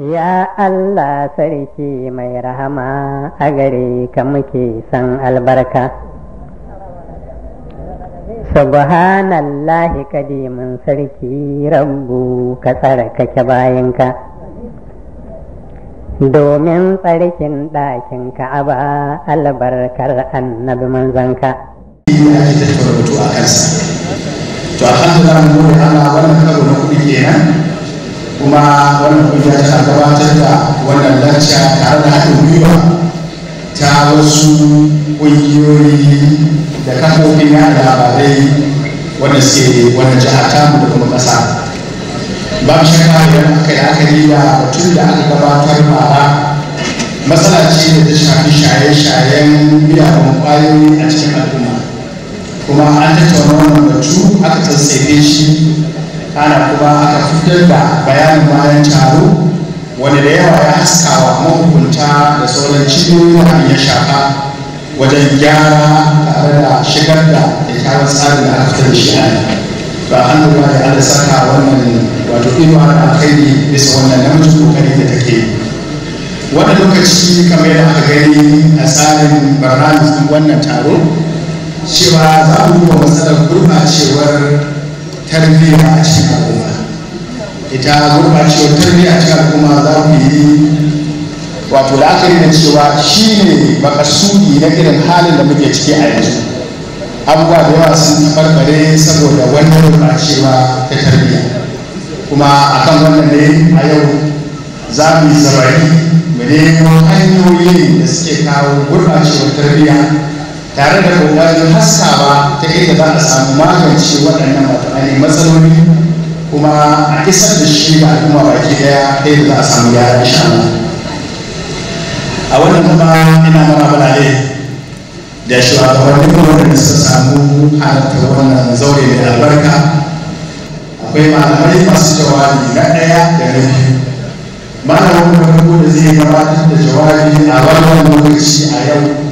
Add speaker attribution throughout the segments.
Speaker 1: Ya Allah sarki mai rahama a gare ka muke san albarka. Subhanallahi kadimin sarki rabbu ka tsarkake bayanka. Domin tsarkin ɗakin ka'aba albarkar annabi manzanka. To
Speaker 2: a kan da ana wannan karo na kuɗi kenan kuma wannan kungiya tana gabatar da wannan lacca tare da haɗin gwiwa ta wasu ƙungiyoyi da kafofin yada labarai wanda suke jihar jiha mu da kuma ƙasa ba shakka yana aka yi akali da batun da aka gabatar bara matsala ce da ta shafi shaye-shayen miyagun kwayoyi a cikin al'umma kuma an tattauna wannan batu aka tsatsefe shi ana kuma aka fitar da bayanin bayan taro wanda da yawa ya haskawa mahukunta da sauran cibiyoyi da ya shafa wajen gyara tare da shigar da kyakkyawan tsarin da aka fitar da shi an to da Allah saka wannan wato ido ana kai ne bisa wannan namijin kokari da take wannan lokaci kamar yadda aka gani a tsarin barnamijin wannan taro cewa za mu duba matsalar gurɓacewar tarbiyya a cikin al'umma ita cewa tarbiyya a cikin al'umma za mu yi wato la'akari da cewa shi ne na irin halin da muke ciki a yanzu abubuwa da yawa sun farfare saboda wannan cewa ta tarbiyya kuma akan wannan ne a yau za mu yi zabari mu nemo hanyoyi da suke kawo gurɓacewar tarbiyya tare da kokarin hassawa ta yadda za a samu magance waɗannan matsaloli matsaloli kuma a isar da shi ga kuma baki daya ta yadda za a samu yara insha a wannan kuma ina mana balale da shugabannin da suka samu halatta wannan zaure mai albarka akwai malamai masu jawabi na ɗaya da na biyu malamin farko da zai gabatar da jawabi a wannan lokaci a yau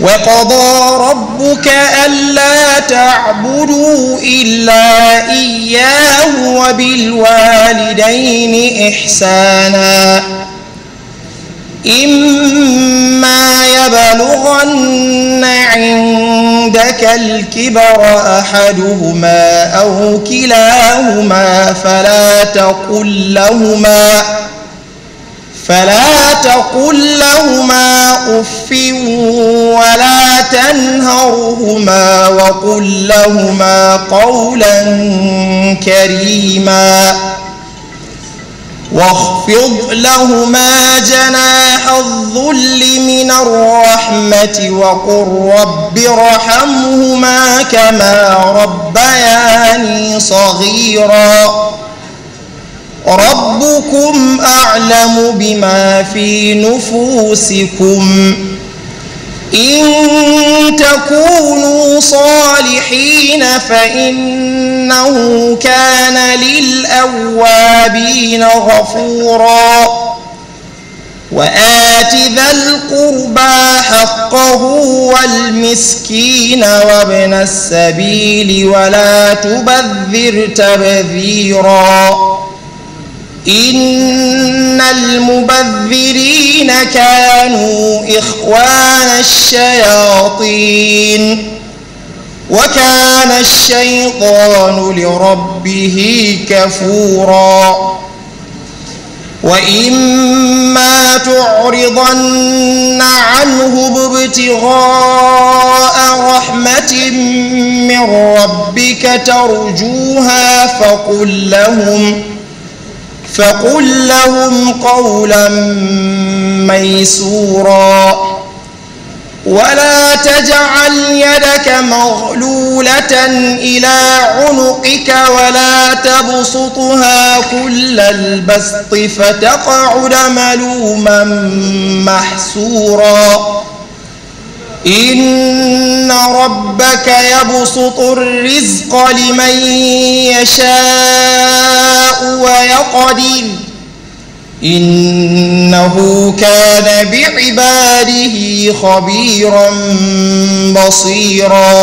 Speaker 3: وقضى ربك ألا تعبدوا إلا إياه وبالوالدين إحسانا إما يبلغن عندك الكبر أحدهما أو كلاهما فلا تقل لهما فلا تقل لهما اف ولا تنهرهما وقل لهما قولا كريما واخفض لهما جناح الذل من الرحمة وقل رب ارحمهما كما ربياني صغيراً ربكم أعلم بما في نفوسكم إن تكونوا صالحين فإنه كان للأوابين غفورا وآت ذا القربى حقه والمسكين وابن السبيل ولا تبذر تبذيراً إن المبذرين كانوا إخوان الشياطين وكان الشيطان لربه كفورا وإما تعرضن عنه ابتغاء رحمة من ربك ترجوها فقل لهم ۖ فقل لهم قولا ميسورا ولا تجعل يدك مغلولة إلى عنقك ولا تبسطها كل البسط فتقعد ملوما محسورا إن ربك يبسط الرزق لمن يشاء ويقدر إنه كان بعباده خبيرا بصيرا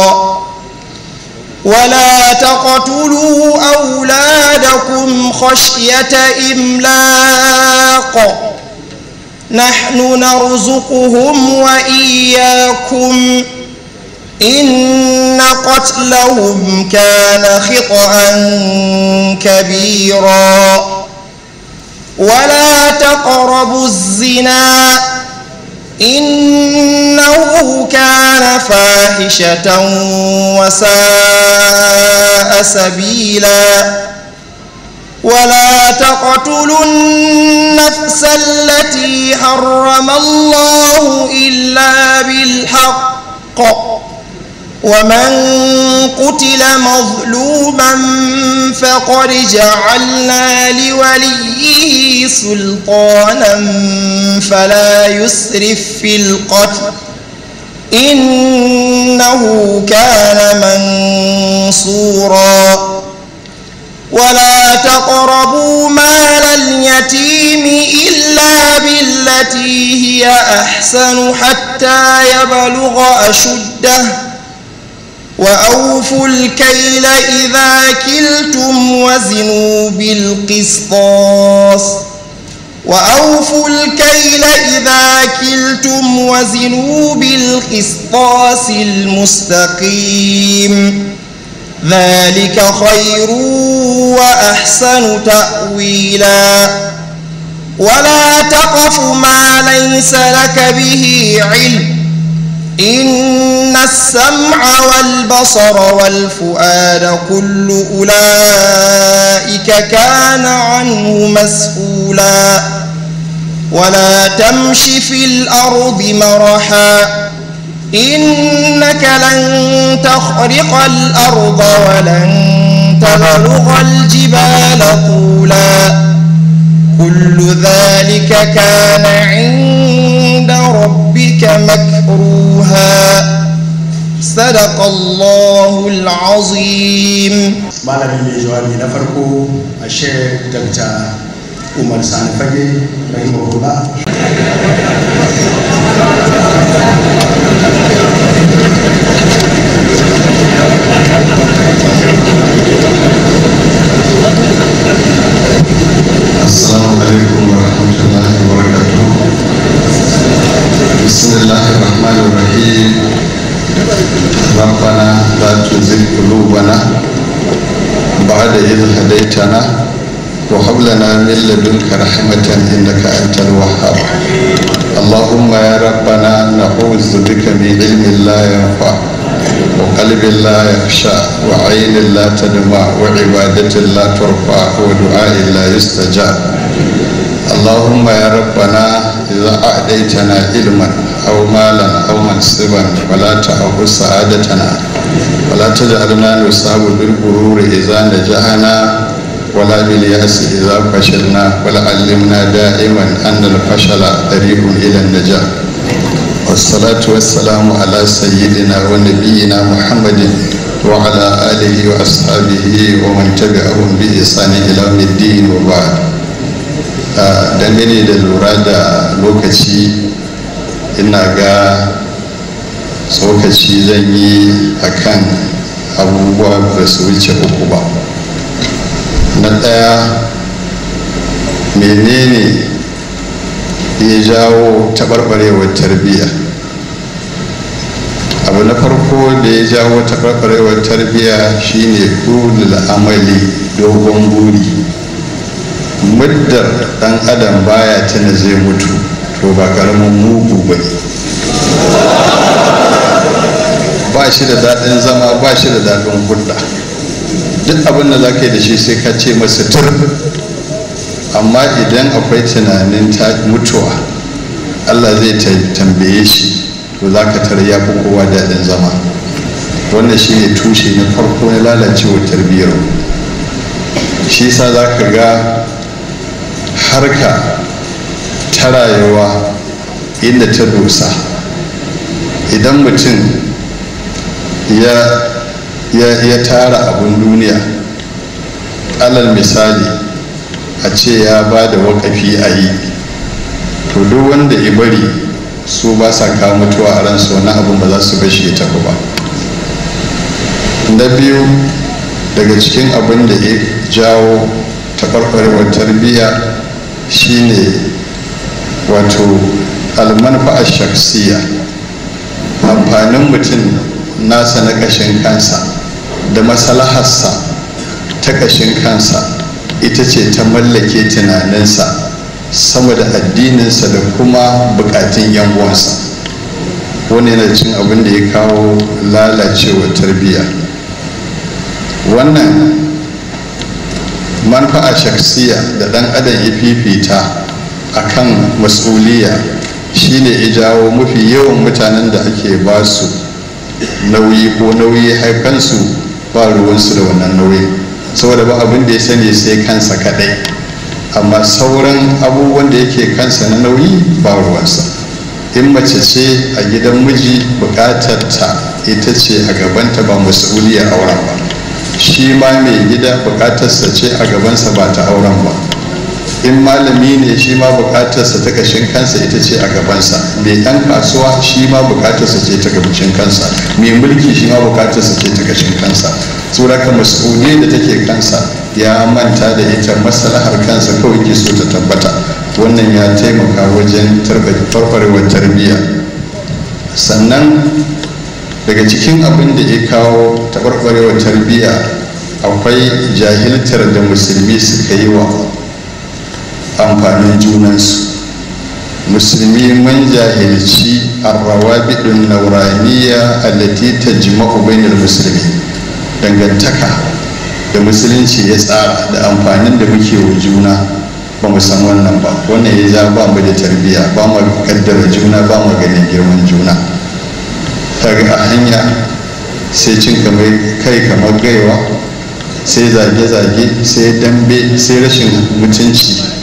Speaker 3: ولا تقتلوا أولادكم خشية إملاق نحن نرزقهم وإياكم إن قتلهم كان خطأ كبيرا ولا تقربوا الزنا إنه كان فاحشة وساء سبيلاً ولا تقتلوا النفس التي حرم الله إلا بالحق ومن قتل مظلوما فقد جعلنا لوليه سلطانا فلا يسرف في القتل إنه كان منصوراً ولا تقربوا مال اليتيم إلا بالتي هي أحسن حتى يبلغ أشده وأوفوا الكيل إذا كلتم وزنوا بالقسطاس
Speaker 1: وأوفوا
Speaker 3: الكيل إذا كلتم وزنوا بالقسطاس المستقيم ذلك خير وأحسن تأويلا ولا تقف ما ليس لك به علم إن السمع والبصر والفؤاد كل أولئك كان عنه مسؤولا ولا تمش في الأرض مرحا إنك لن تخرق الأرض ولن تبلغ الجبال طولا كل ذلك كان عند ربك مكروها صدق الله العظيم بعد mai جواب نفرك
Speaker 2: الشيخ a shek dr رحمه الله
Speaker 4: ربنا لا تزغ قلوبنا بعد إذ هديتنا وهب لنا من لدنك رحمة إنك أنت الوهاب اللهم يا ربنا نعوذ بك من علم لا ينفع وقلب لا يخشى وعين لا تدمع وعبادة لا ترفع ودعاء لا يستجاب اللهم يا ربنا إذا أعديتنا علما أو مالا أو منصبا ولا تعه سعادتنا ولا تجعلنا نصاب بالغرور إذا نجحنا ولا باليأس إذا فشلنا ولعلمنا دائما أن الفشل طريق إلى النجاة والصلاة والسلام على سيدنا ونبينا محمد وعلى آله وأصحابه ومن تبعهم بإحسان إلى يوم الدين وبعد dangane da lura da lokaci ina ga tsokaci zan yi akan abubuwa da su wuce uku ba ɗaya menene ya jawo taɓarɓarewar tarbiyya abu na farko da ya jawo taɓarɓarewar tarbiyya shine kulul amali dogon buri muddar ɗan adam baya tana zai mutu to ba karamin mugu ba ba shi da daɗin zama ba shi da daɗin hulɗa duk abin da za ka yi da shi sai ka ce masa tur amma idan akwai tunanin ta mutuwa allah zai tambaye shi to za ka tara ya fi kowa daɗin zama wannan shi ne tushe na farko na lalacewar tarbiyyar shi sa za ka ga harka ta rayuwa inda ta dosa idan mutum ya ya tara abin duniya alal misali a ce ya ba da wakafi a yi to duk wanda ya bari su ba sa kawo mutuwa a ransu wani abin ba za su bashi ya tafi ba na biyu daga cikin abin da ya jawo taɓarɓarewar tarbiyya shine wato almanfa a shaksiya amfanin mutum nasa na ƙashin kansa da masalaharsa ta ƙashin kansa ita ce ta mallake tunaninsa sama da addininsa da kuma bukatun yanguwansa wani yana cin abin da ya kawo lalacewa tarbiyya wannan manfa'a shaksiya da dan adam ya fifita a kan mas'uliya shine ya jawo mafi yawan mutanen da ake ba su nauyi ko nauyi haifansu ba ruwansu da wannan nauyi saboda ba abin da ya sani sai kansa kadai amma sauran abubuwan da yake kansa na nauyi ba ruwansa in mace ce a gidan miji bukatar ta ita ce a gabanta ba masuliyar auren ba shi ma mai gida bukatarsa ce a gabansa ba ta auren ba in malami ne shi ma bukatarsa ta kashin kansa ita ce a gabansa mai dan kasuwa shi ma bukatarsa ce ta kansa mai mulki shi ma bukatarsa ce ta kashin kansa ka mas'uliyar da take kansa ya manta da ita maslahar kansa kawai ke so ta tabbata wannan ya taimaka wajen farfarewar tarbiyya sannan daga cikin abin da ya kawo taɓarɓarewar tarbiyya akwai jahiltar da musulmi suka yi wa amfanin junansu musulmi mun jahilci bidin nauraniya allati jima'u bainal musulmi dangantaka da musulunci ya tsara da amfanin da muke wa juna ba mu san wannan ba wannan ya za ba mu da tarbiyya ba mu kaddara juna ba mu ganin girman juna daga a hanya sai cin kai kamar gaiwa sai zage-zage sai dambe sai rashin mutunci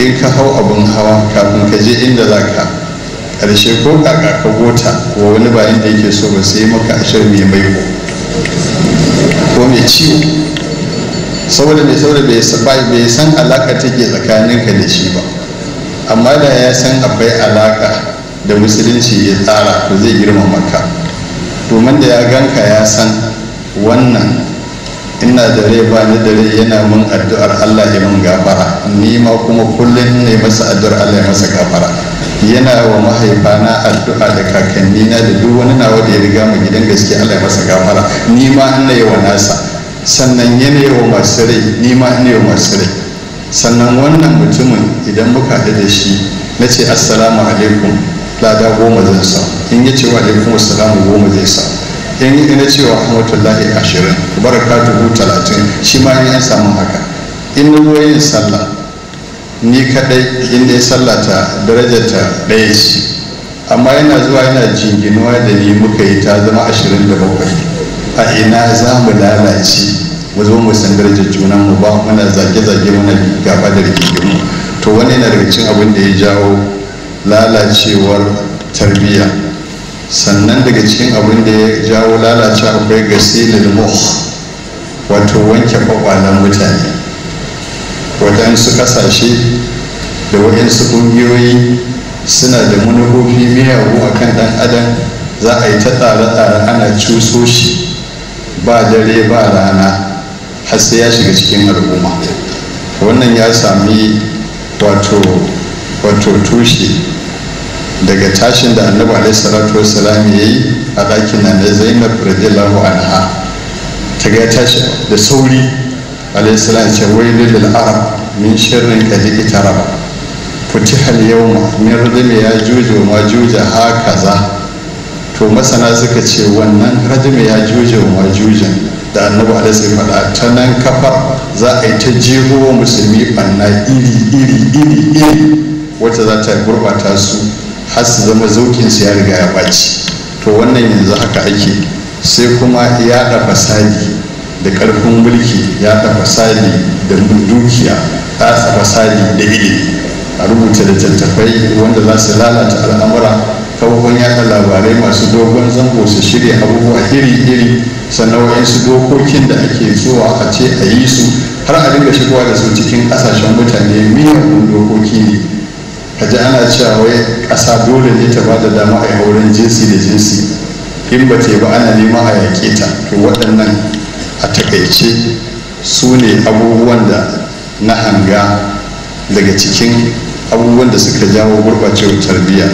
Speaker 4: in ka hau abin hawa kafin ka je inda za ka ƙarshe ko kaka ka gota ko wani bayan da yake so ba sai maka ashir mai maiko ko mai ciwo saboda mai saboda bai san alaka take ka da shi ba amma da ya san akwai alaka da musulunci ya tsara ko zai girma maka domin da ya ganka ya san wannan ina da rai ba ni da rai yana mun addu'ar Allah ya mun gafara ni ma kuma kullum ne masa addu'ar Allah ya masa gafara yana wa mahaifana addu'a da kakanni na da duk wani nawa da ya riga mu gidan gaske Allah ya masa gafara ni ma ina yi nasa sannan yana yawa masu rai ni ma ina yi masu rai sannan wannan mutumin idan muka haɗu da shi na ce assalamu alaikum lada goma zan sa in ya ce wa alaikum assalamu goma zai sa in ina cewa ahmadullahi ashirin dubu talatin shi ma an samu haka in ruwa yin sallah ni kadai inda ya sallata ta ɗaya ce amma yana zuwa yana jinginuwa da ni muka yi ta zama ashirin da bakwai a ina za mu lalace mu zo mu san darajar junan mu ba muna zage-zage muna gaba da rigingimu to wani yana daga cin abin da ya jawo lalacewar tarbiyya sannan daga cikin abin da ya jawo lalace akwai gasilil muh wato wanke kwakwalen mutane waɗansu ƙasashe da waɗansu ƙungiyoyi suna da manufofi miyagu a kan ɗan adam za a yi ta tsare-tsare ana cuso shi ba dare ba rana har sai ya shiga cikin al'umma wannan ya sami wato tushe daga tashin da annabi alaihi salatu wassalam ya yi a ɗakin na zainab radiyallahu anha ta ga tashi da sauri alaihi salatu ce wai lil arab min ita raba. itarab futiha yau yawma min radmi ya juju ma juja kaza. to masana suka ce wannan radmi ya juju ma jujan da annabi alaihi salatu faɗa ta nan kafar za a yi ta jihuwa musulmi banna iri iri iri iri wacce za ta gurbata su har su zama su ya riga ya ɓaci to wannan yanzu haka ake sai kuma ya yaɗa fasadi da ƙarfin mulki ya yaɗa fasadi da dukiya tsatsa fasadi da ilimi a rubuta da tattafai wanda za su lalata al'amura kawakon yaɗa labarai masu dogon zango su shirya abubuwa iri-iri sannan su dokokin da ake zuwa a ce a yi su har a dinga shigowa da su cikin ƙasashen mutane miyagun dokoki ne a ji ana cewa wai ƙasa dole ne ta ba da dama a yi hauren jinsi da jinsi in ba ba ana nema a yaƙe ta to waɗannan a takaice su ne abubuwan da na hanga daga cikin abubuwan da suka jawo gurɓacewar tarbiyya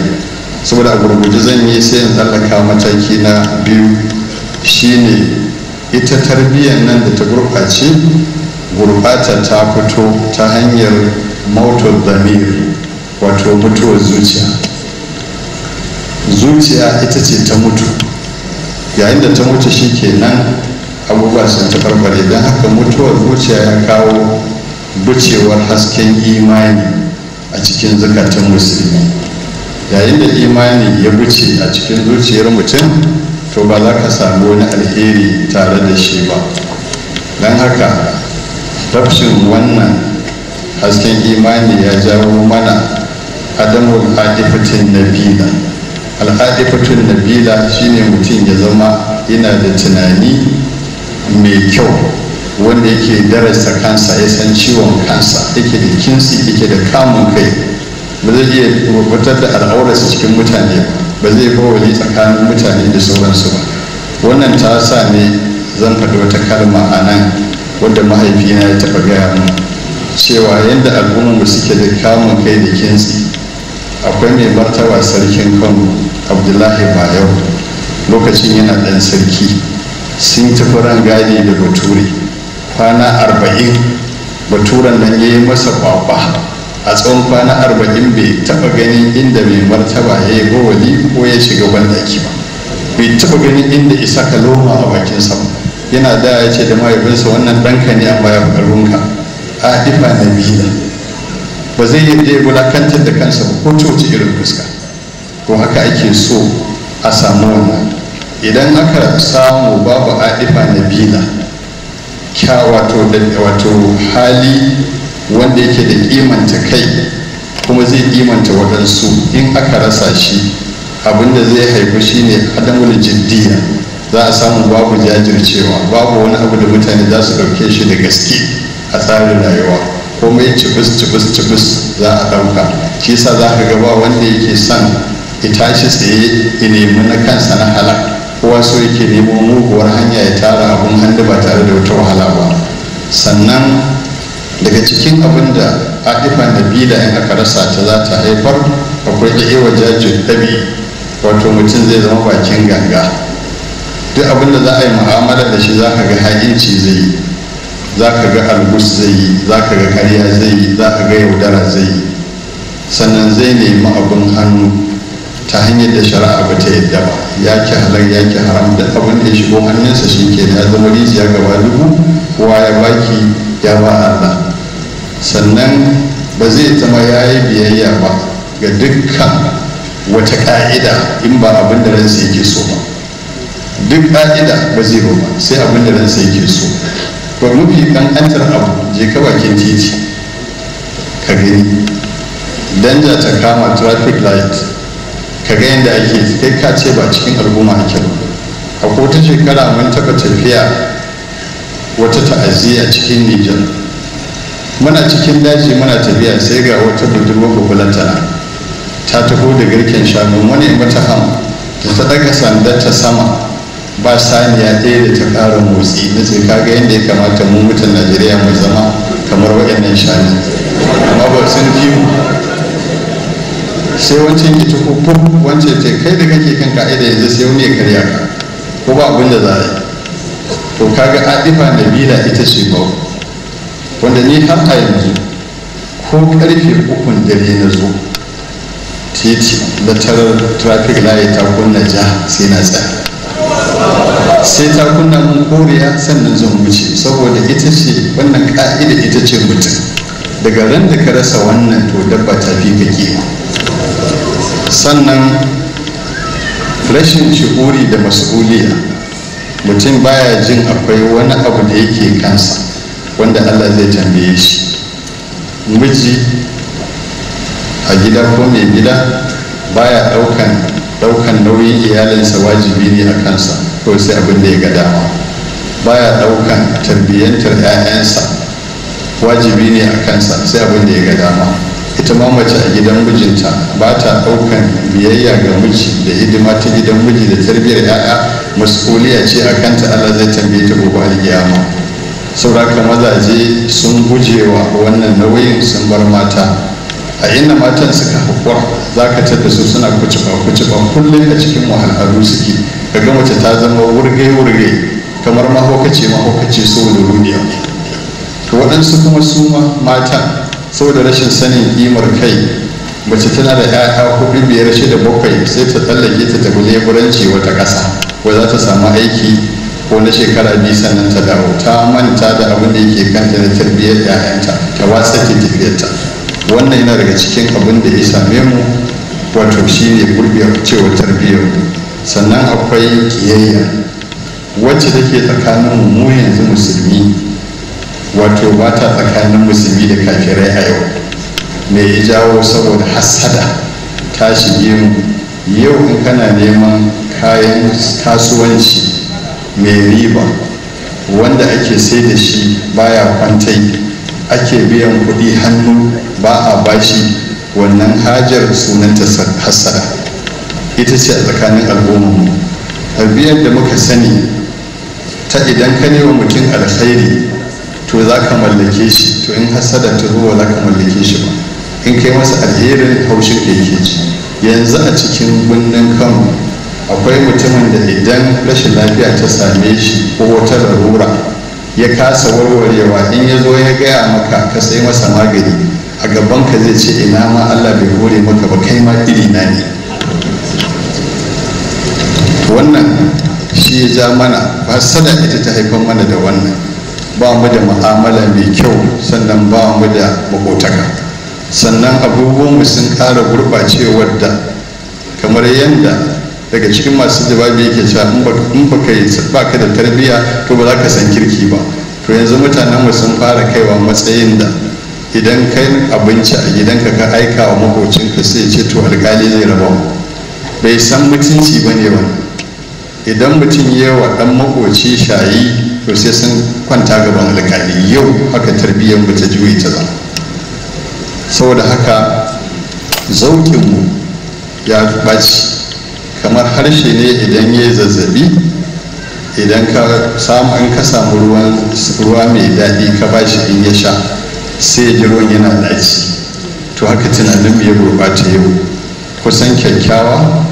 Speaker 4: saboda a gurguje zan yi sai in tsallaka mataki na biyu shine ita tarbiyyar nan da ta gurɓace gurɓata ta fito ta hanyar motar zamiri wato mutuwar zuciya zuciya ita ce ta mutu yayin da ta mutu shi kenan abubuwa sun tabarbare don haka mutuwar zuciya ya kawo bucewar hasken imani a cikin zukatan musulmi yayin da imani ya buce a cikin zuciyar mutum to ba za ka samu wani alheri tare da shi ba don haka rafshin wannan hasken imani ya jawo mana adamu adifatin nabila al'adifatun nabila shine mutum ya zama yana da tunani mai kyau wanda yake darasta kansa ya san ciwon kansa yake da kinsi yake da kamun kai ba zai iya rubutar da al'aurarsa cikin mutane ba zai bawali tsakanin mutane da sauransu ba wannan ta sa ne zan faɗi wata kalma a nan wadda mahaifina ya taɓa gaya mu cewa yadda al'ummarmu suke da kamun kai da kinsi. akwai mai martaba sarkin kano abdullahi bayan lokacin yana ɗan sarki sun tafi rangadi da bature kwana arba'in baturen nan ya yi masa kwakwa a tsawon kwana arba'in bai taɓa ganin inda mai martaba ya yi gowali ko ya shiga ki ba bai taɓa ganin inda isa ka loma a bakin sa yana da ya ce da mahaifinsa wannan ɗanka ne a bayan ƙarfinka a difa na biyu ba zai yadda ya wulakantar da kansa ba ko coci irin fuska ko haka ake so a samu wannan idan aka samu babu adifa na bila kya wato hali wanda yake da kimanta kai kuma zai kimanta waɗansu in aka rasa shi abinda zai haifu shine adamun jiddiya za a samu babu jajircewa babu wani abu da mutane za su ɗauke shi da gaske a tsarin rayuwa komai cibis cibis cibis za a ɗauka shi sa za ka gaba wanda yake son ya tashi tsaye ya nemi na kansa na halak kowa so yake nemo muguwar hanya ya tara abun hannu ba tare da wata wahala ba sannan daga cikin abin da adifan da bila in aka rasa ta za ta haifar akwai da ewa jajin tabi wato mutum zai zama bakin ganga duk abin da za a yi mu'amala da shi za ka ga haƙinci zai yi za ka ga algus zai yi za ka ga karya zai yi za ka ga yaudara zai yi sannan zai nemi abin hannu ta hanyar da shari'a ba ta yadda ba ya ki halar ya ki haram da abin da ya shigo hannunsa shi ke ya zama rijiya gaba dubu kowa ya baki ya ba Allah sannan ba zai zama ya yi biyayya ba ga dukkan wata ka'ida in ba abin da ransa yake so ba duk ka'ida ba zai ba sai abin da ransa yake so to mafi kankantar abu je ka bakin titi ka gani danja ta kama traffic light ka ga yadda ake kai ka ce ba cikin al'umma ake ba a kota shekara mun taɓa tafiya wata ta'aziyya cikin nijar muna cikin daji muna tafiya sai ga wata budurwa kukulanta ta taho da garken shanu wani mata ham ta ta daga sandar ta sama ba saniya ɗaya da ta ƙara motsi na ce kaga yadda ya kamata mu mutan najeriya mu zama kamar waɗannan shani amma ba sun fi mu sai wancan ki ta kuku wancan ce kai da kake kan ka'ida yanzu sai wani ya karya ka ko ba abin da za a yi to kaga adifa nabila ita ce ba wanda ni har a yanzu ko karfe ukun dare na zo titi da tarar traffic light ta kunna ja sai na tsaya sai ta kunna mun koriya sannan zan wuce saboda ita ce wannan ka'ida ita ce mutum daga ran da ka rasa wannan to dabba ta fi ka sannan rashin shi'uri da mas'uliya mutum baya jin akwai wani abu da yake kansa wanda allah zai tambaye shi miji a gida ko mai gida baya daukan daukan nauyin iyalinsa wajibi ne a kansa ko sai abin da ya ga dama baya ɗaukan tarbiyyantar 'ya'yansa wajibi ne a kansa sai abin da ya ga dama ita ma mace a gidan mijinta ba ta ɗaukan biyayya ga miji da hidima ta gidan miji da tarbiyyar 'ya'ya masuliya ce a kanta allah zai tambaye ta gobe alkiyama sauraka mazaje sun gujewa wannan nauyin sun bar mata a inda matan suka hukwa za ka da su suna kuciba ba kullum a cikin wahalhalu suke kaga mace ta zama wurge-wurge kamar mahaukaci mahaukaci saboda duniya to waɗansu kuma su mata sau da rashin sanin kimar kai mace tana da 'ya'ya hudu biyar shida bakwai sai ta tsallake ta tafi leburanci wata ƙasa ko za ta samu aiki ko na shekara biyu sannan ta dawo ta manta da abin da yake kanta na tarbiyyar 'ya'yanta ta watsa ke tafiyarta wannan yana daga cikin abin da ya same mu wato shine gurbiyar cewa tarbiyyar mu sannan akwai kiyayya wacce take tsakanin mu yanzu musulmi wato ba ta tsakanin musulmi da kafirai a yau me ya jawo saboda hasada ta shige mu yau in kana neman kayan kasuwanci mai riba wanda ake sai da shi baya kwantai ake biyan kuɗi hannu ba a bashi wannan hajar sunanta hasada ita ce a tsakanin al'ummarmu tarbiyyar da muka sani ta idan ka wa mutum alkhairi to za ka mallake shi to in hasada ta zuwa za ka mallake shi ba in kai masa alherin haushin da yake ci yanzu a cikin birnin kan akwai mutumin da idan rashin lafiya ta same shi ko wata larura ya kasa warwarewa in ya zo ya gaya maka ka sai masa magani a gaban ka zai ce ina ma allah bai hore maka ba kai ma iri na ne wannan shi ya ja mana ba hasada ita ta haifar mana da wannan ba mu da mu'amala mai kyau sannan ba mu da makotaka sannan abubuwanmu sun ƙara gurɓacewar da kamar yadda daga cikin masu jawabi yake cewa in ba ka yi ka da tarbiyya to ba za ka san kirki ba to yanzu mutanen mu sun fara kaiwa matsayin da idan kai abinci a gidanka ka aika wa makocinka sai ce to alkali zai raba bai san mutunci ba ne ba. idan mutum yi wa ɗan makoci shayi to sai sun kwanta gaban alƙali yau haka tarbiyyar mu ta juye ta zama saboda haka zaukinmu ya ɓaci kamar harshe ne idan ya zazzabi idan ka samu an ka samu ruwa mai daɗi ka ba shi in ya sha sai ji ruwan yana ɗaci to haka tunanin mu ya gurɓata yau kusan kyakkyawa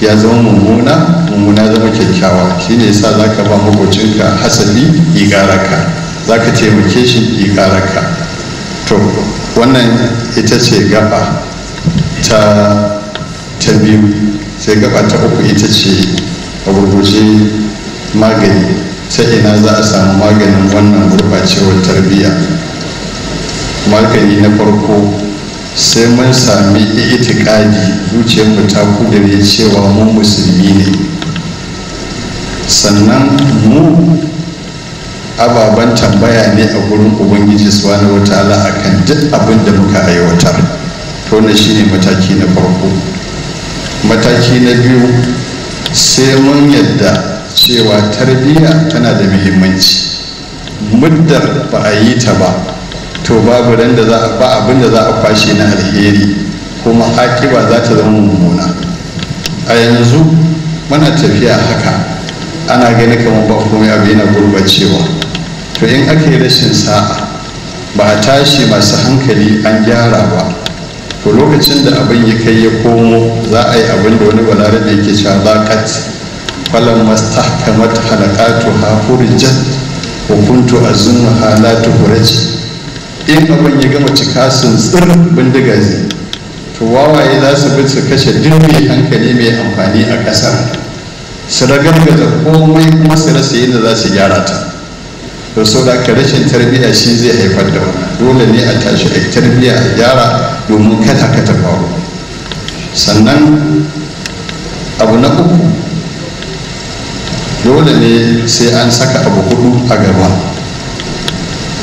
Speaker 4: ya zama mummuna mummuna zama kyakkyawa shine yasa zaka ba makocinka hasabi igaraka zaka taimake shi igaraka to wannan ita ce gaba ta ta biyu sai gaba ta uku ita ce a gurguje magani ta ina za a samu maganin wannan gurbacewar tarbiyya magani na farko sai mun sami itikadi zuciyarmu ta kudure cewa mu musulmi ne sannan mu ababen tambaya ne a gurin ubangiji subhanahu wataala akan duk abin da muka aiwatar to ne shine mataki na farko mataki na biyu sai mun yadda cewa tarbiyya tana da muhimmanci muddar ba a yi ta ba to babu ran da za ba abin da za a kwashe na alheri kuma akiba za ta zama mummuna a yanzu muna tafiya haka ana gani kamar ba komai abu yana gurbacewa to in aka yi rashin sa'a ba a tashi masu hankali an gyara ba to lokacin da abin ya kai ya komo za a yi abin da wani da yake cewa zakat falon mastahkamat halakatu ha jan hukuntu azunnu halatu furaji in abin ya gama cika sun tsir bindiga zai to wawaye za su bi su kashe duk hankali mai amfani a ƙasar su ragargaza komai kuma su rasa yadda za su gyara ta to sau da ka rashin tarbiyya shi zai haifar da wannan dole ne a tashi a tarbiyya a gyara domin kada ka ta faru sannan abu na uku dole ne sai an saka abu hudu a gaba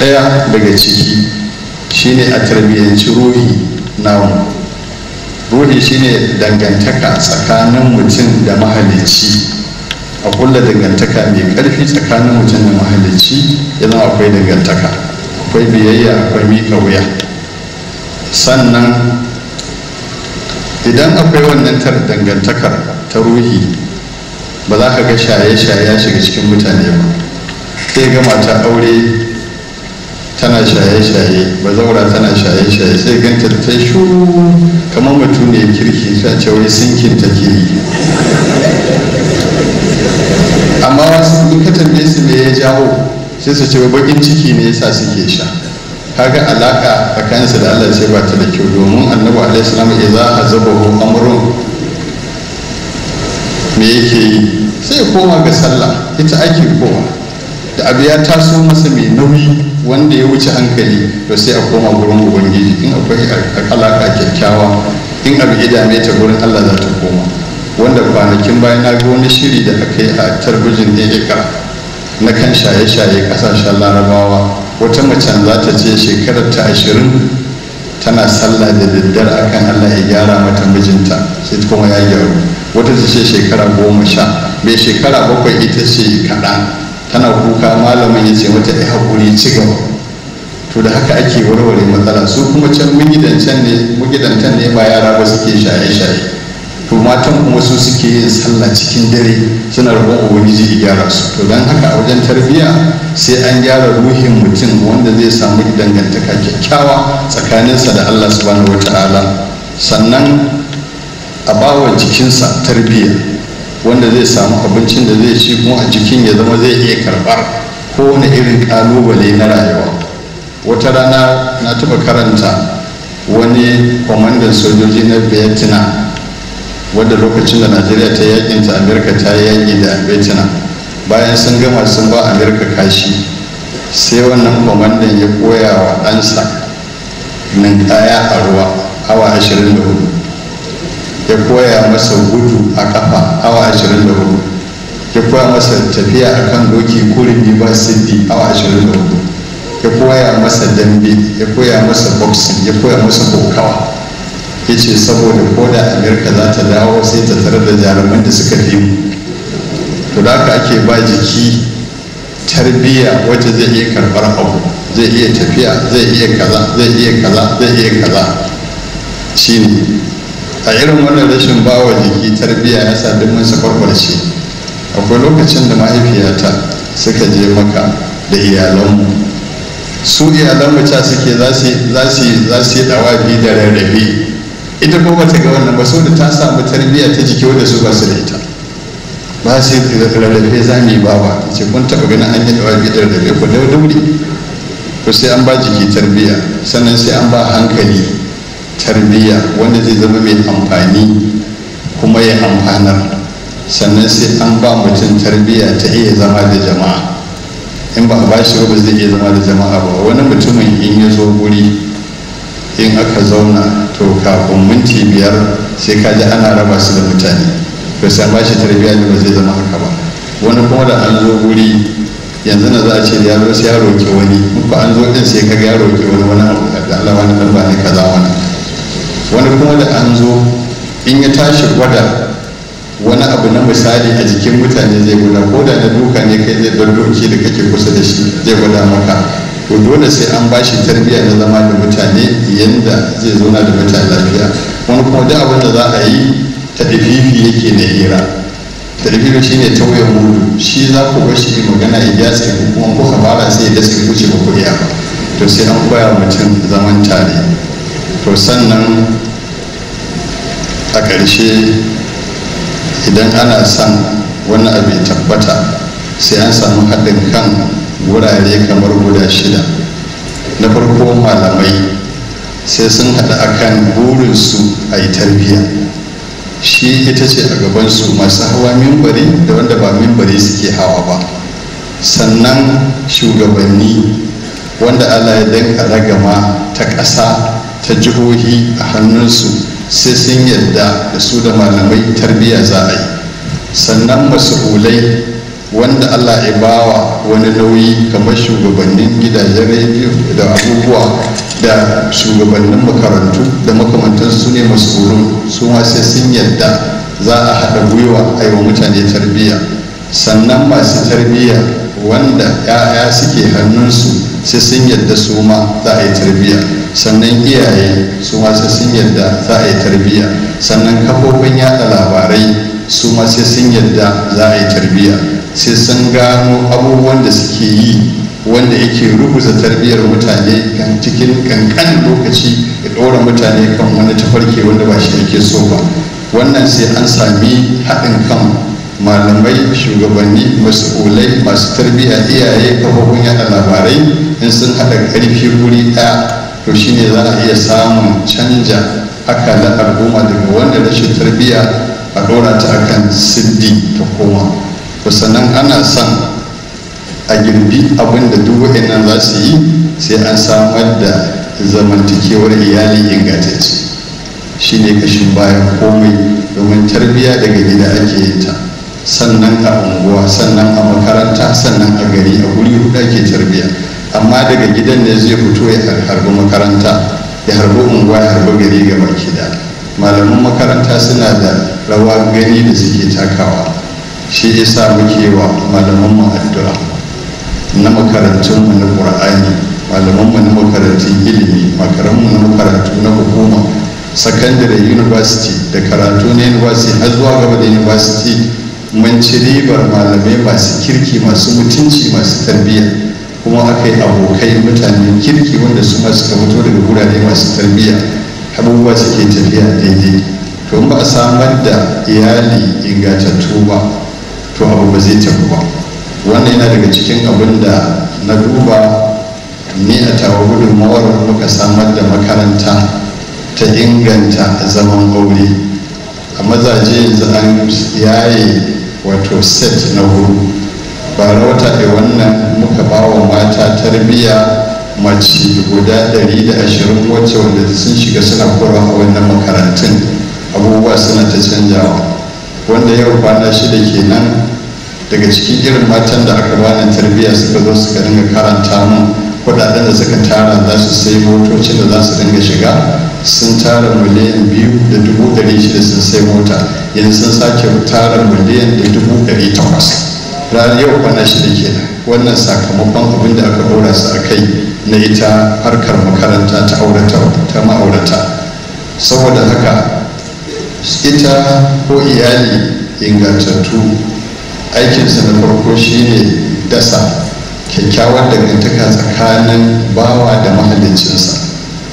Speaker 4: ɗaya daga ciki shine a tarbiyyanci ruhi na mu ruhi shine dangantaka tsakanin mutum da mahalicci a kulla dangantaka mai karfi tsakanin mutum da mahalicci yana akwai dangantaka akwai biyayya akwai mika wuya sannan idan akwai wannan tar dangantakar ta ruhi ba za ka ga shaye-shaye ya shiga cikin mutane ba sai ga mata aure tana shaye-shaye bazaura tana shaye-shaye sai ganta ta shu kamar mutum ne kirki ta ce wai sinkin ta ke yi amma wasu in ka tambaye su me ya jawo sai su ce bakin ciki ne yasa suke sha kaga alaka a tsakaninsu da Allah sai ba ta da kyau domin annabi alaihi salam zaba azabahu amrun me yake yi sai koma ga sallah ita ake kowa da abu ya taso masa mai nauyi wanda ya wuce hankali to sai a koma gurin ubangiji in akwai alaka kyakkyawa in abu ya dame ta gurin allah za ta koma wanda kwanakin bayan na ga wani shiri da aka yi a tarbijin ayyuka. na kan shaye-shaye kasashen larabawa wata macen za ta ce shekarar ta ashirin tana sallah da daddar akan allah ya gyara mata mijinta sai kuma ya gyaru wata ta ce shekara goma sha mai shekara bakwai ita ce kaɗan tana kuka malamin ya ce mata ya haƙuri ci gaba to da haka ake warware matsala su kuma can magidantan ne magidantan ne ba yara ba suke shaye-shaye to matan kuma su suke yin sallah cikin dare suna rabon ubangiji ya gyara su to dan haka a wajen tarbiyya sai an gyara ruhin mutum wanda zai samu dangantaka kyakkyawa tsakaninsa da allah subhanahu wataala sannan a bawa jikinsa tarbiyya wanda zai samu abincin da zai ci kuma a jikin ya zama zai iya karɓar kowane irin ƙalubale na rayuwa wata rana na taɓa karanta wani kwamandan sojoji na vietnam wadda lokacin da najeriya ta yakin ta amerika ta yaki da vietnam bayan sun gama sun ba amerika kashi sai wannan kwamandan ya koya wa ɗansa ninkaya a ruwa awa ashirin da hudu. ya koya masa gudu a kafa awa 24 ya koya masa tafiya a kan doki kurimi ba siddi awa 24 ya koya masa dambe ya koya masa boxing ya koya masa kokawa ya ce saboda koda amerika za ta dawo sai ta tare da jaruman da suka fi mu to da aka ake ba jiki tarbiyya wacce zai iya karɓar abu zai iya tafiya zai iya kaza zai iya kaza zai iya kaza shine a irin wannan rashin bawa jiki tarbiya ya sa duk mun sakwarkwarce akwai lokacin da mahaifiyata suka je maka da iyalanmu su iyalan ta suke za su yi dawabi da rarrabe ita ko bata ga wannan ba saboda ta samu tarbiya ta jiki wanda su ba su da ita ba su yi rarrabe za mu yi baba ce kun taɓa ganin an yi dawabi da rarrabe ku dauri. ku sai an ba jiki tarbiya sannan sai an ba hankali tarbiyya wanda zai zama mai amfani kuma ya amfanar sannan sai an ba mutum tarbiyya ta iya zama da jama'a in ba a ba shi ba zai iya zama da jama'a ba wani mutumin in ya zo guri in aka zauna to kafin minti biyar sai ka ji ana raba su da mutane to sai ba shi tarbiyya ne ba zai zama haka ba wani kuma da an zo guri yanzu na za a ce yaro sai ya roƙi wani in ba an zo din sai ka ga ya roƙi wani wani abu da Allah wani ba ne kaza wani wani kuma da an zo in ya tashi gwada wani abu na misali a jikin mutane zai gwada ko da na duka ne kai zai don doki da kake kusa da shi zai gwada maka to dole sai an ba shi tarbiyya na zama da mutane yadda zai zauna da mutane lafiya wani kuma duk abin da za a yi ta yake na hira ta fifi shi ne tauye mudu shi za ku ga shi magana ya ya sai kuma kuka fara sai ya dasa kuce ba kuriya to sai an koya mutum zaman tare to sannan a ƙarshe idan ana san wani abu tabbata sai an samu haɗin kan wurare kamar guda shida na farko malamai sai sun haɗa akan burinsu a yi tarbiyya shi ita ce a gabansu masu hawa mimbari da wanda ba mimbari suke hawa ba sannan shugabanni wanda allah ya danka ragama ta ƙasa ta jihohi a hannunsu sai sun yadda da su da malamai tarbiyya za a yi sannan masu'ulai wanda allah ya bawa wani nauyi kamar shugabannin gidajen rediyo da abubuwa da shugabannin makarantu da makamantansu su ne masu'ulun su ma sai sun yadda za a haɗa gwiwa a yi wa mutane tarbiyya sannan masu tarbiyya wanda ya'ya suke hannunsu sai sun yadda su ma za a yi tarbiyya sannan iyaye su ma sai sun yadda za a yi tarbiyya sannan kafofin yada labarai su ma sai sun yadda za a yi tarbiyya sai sun gano abubuwan da suke yi wanda yake rubuta tarbiyyar mutane kan cikin kankan lokaci ya ɗora mutane kan wani tafarki wanda ba shi yake so ba wannan sai an sami haɗin kan malamai shugabanni mas'ulai masu tarbiyya iyaye kafofin yada labarai in sun haɗa ƙarfi wuri ɗaya to shine za a iya samun canja da al'umma daga wanda rashin tarbiya a ɗora ta akan siddi ta koma to sannan ana son a girbi abin da duk wa'annan za su yi sai an samar da zamantakewar iyali ingantacce shine kashin bayan komai domin tarbiyya daga gida ake yin ta sannan a unguwa sannan a makaranta sannan a gari a guri hudu ke tarbiyya amma daga gidan ne zai fito ya harbi makaranta ya harbi unguwa ya harbi gari ga baki da malaman makaranta suna da rawa gani da suke takawa shi yasa muke wa malaman mu addu'a na makarantun mu na qur'ani malaman mu na makarantun ilimi makarantun na makarantu na hukuma sakandare university da karatu na university har zuwa gaba da university mun ci ribar malamai masu kirki masu mutunci masu tarbiyya kuma aka yi abokai mutane kirki wanda su masu mutu daga gurare masu tarbiyya abubuwa suke tafiya daidai to ba a samar da iyali ingantattu ba to abu ba zai tafi ba wannan yana daga cikin abin da na duba ni a tawa gudunmawar muka samar da makaranta ta inganta zaman aure a mazaje yanzu an yaye wato set na huru, ba na wata a wannan muka ba wa mata tarbiyya mace guda 120 wacce wanda sun shiga suna korwa a wannan makarantun abubuwa suna ta canjawa wanda yau kwana shida kenan daga cikin irin matan da aka bani tarbiyya suka zo suka dinga karanta mu kudaden da suka tara za su sai motocin da za su dinga shiga sun tara miliyan biyu da dubu ɗari shida sun sai mota yanzu sun sake tara miliyan da dubu ɗari takwas ranar yau kwana shida kenan wannan sakamakon abin da aka ɗora su a kai na ita harkar makaranta ta aurata ta ma'aurata saboda haka ita ko iyali ingantattu aikinsa na farko shine dasa kyakkyawar dangantaka tsakanin bawa da mahallicinsa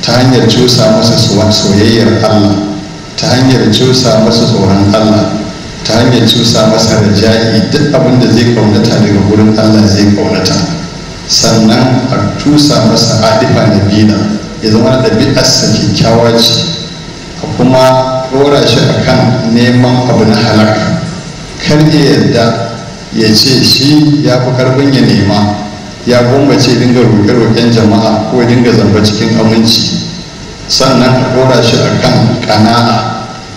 Speaker 4: ta hanyar cusa masa soyayyar Allah ta hanyar cusa masa tsoron Allah ta hanyar cusa masa raja'i duk abin da zai kaunata daga wurin Allah zai kaunata sannan a cusa masa adifa na bina ya zama da ɗabi'arsa kyakkyawa ce a kuma ɗora shi a kan neman abu na halaka kar ya yarda ya ce shi ya fi karfin ya nema ya gwammace dinga roƙe-roƙen jama'a ko dinga zamba cikin aminci sannan a ɗora shi a kan ƙana'a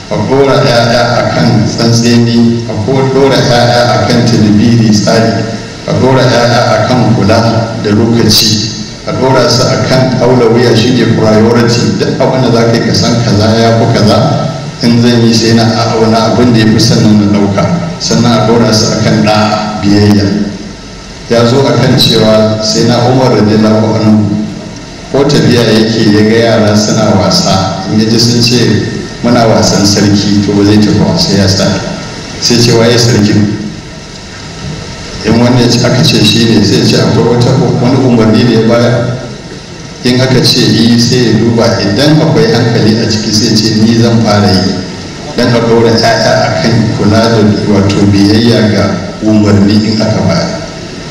Speaker 4: a ɗora 'ya'ya a kan tsantseni a ɗora 'ya'ya
Speaker 1: a kan tilibiri tsari a ɗora 'ya'ya a kan kula da lokaci a ɗora su a kan aulawuya wuya shi ne
Speaker 4: priority duk abinda za ka yi ka san kaza ya fi kaza in zan yi sai na auna abin da ya fi sannan na ɗauka sannan a ɗora su a kan ɗa biyayya ya zo a kan cewa sai na umar radiyallahu anhu ko tafiya yake ya ga yara suna wasa in ya ji sun ce muna wasan sarki to ba zai tafi sai ya sa sai ce waye sarkin in wanda aka ce shi ne sai ce akwai wata wani umarni da ya baya in aka ce yi sai ya duba idan akwai hankali a ciki sai ce ni zan fara yi don a ɗaura 'ya'ya kan kula da wato biyayya ga umarni in aka baya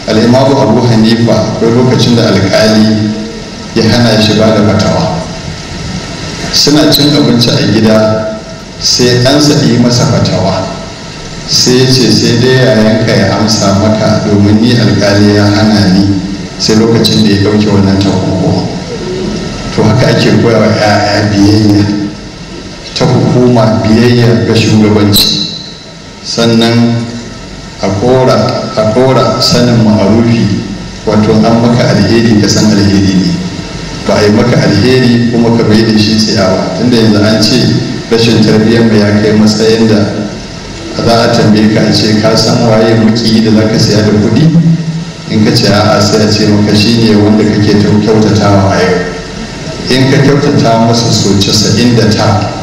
Speaker 4: al'imamu abu hanifa akwai lokacin da alƙali ya hana shi ba da fatawa suna cin abinci a gida sai an sa'i masa fatawa sai ya ce sai dai yayan ka ya amsa maka domin ni alƙali ya hana ni sai lokacin da ya ɗauke wannan takunkuma to haka ake koya wa 'ya'ya biyayya ta hukuma biyayya ga shugabanci sannan a kora sanin ma'arufi wato an maka alheri ka san alheri ne ba a yi maka alheri kuma ka bai da shi tsayawa tunda yanzu an ce rashin tarbiyyar mai ya kai matsayin da za a tambaye ka a ce ka san waye muki da za ka saya da kuɗi in ka ce a'a sai a ce maka ne wanda kake kyautatawa a yau in ka kyautata masa so casa'in da ta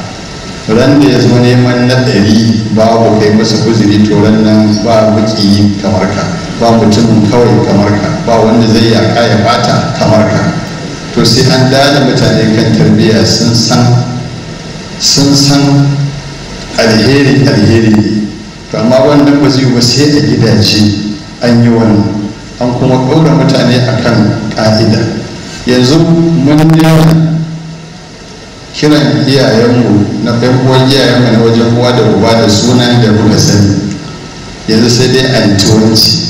Speaker 4: ran da ya zo neman na ɗari babu kai masa kuzuri to ran nan ba kamar ka ba mutum kawai kamar ka ba wanda zai yaƙa ya bata kamar ka to sai an dada mutane kan tarbiyya sun san sun san alheri alheri ne to amma wannan ba zai sai a gidaje an yi wannan an kuma ɗora mutane akan ƙa'ida yanzu mun yawa. kiran iyayenmu na ɗan'uwan iyayenmu na wajen uwa da uba da sunan da muka sani yanzu sai dai antuwanci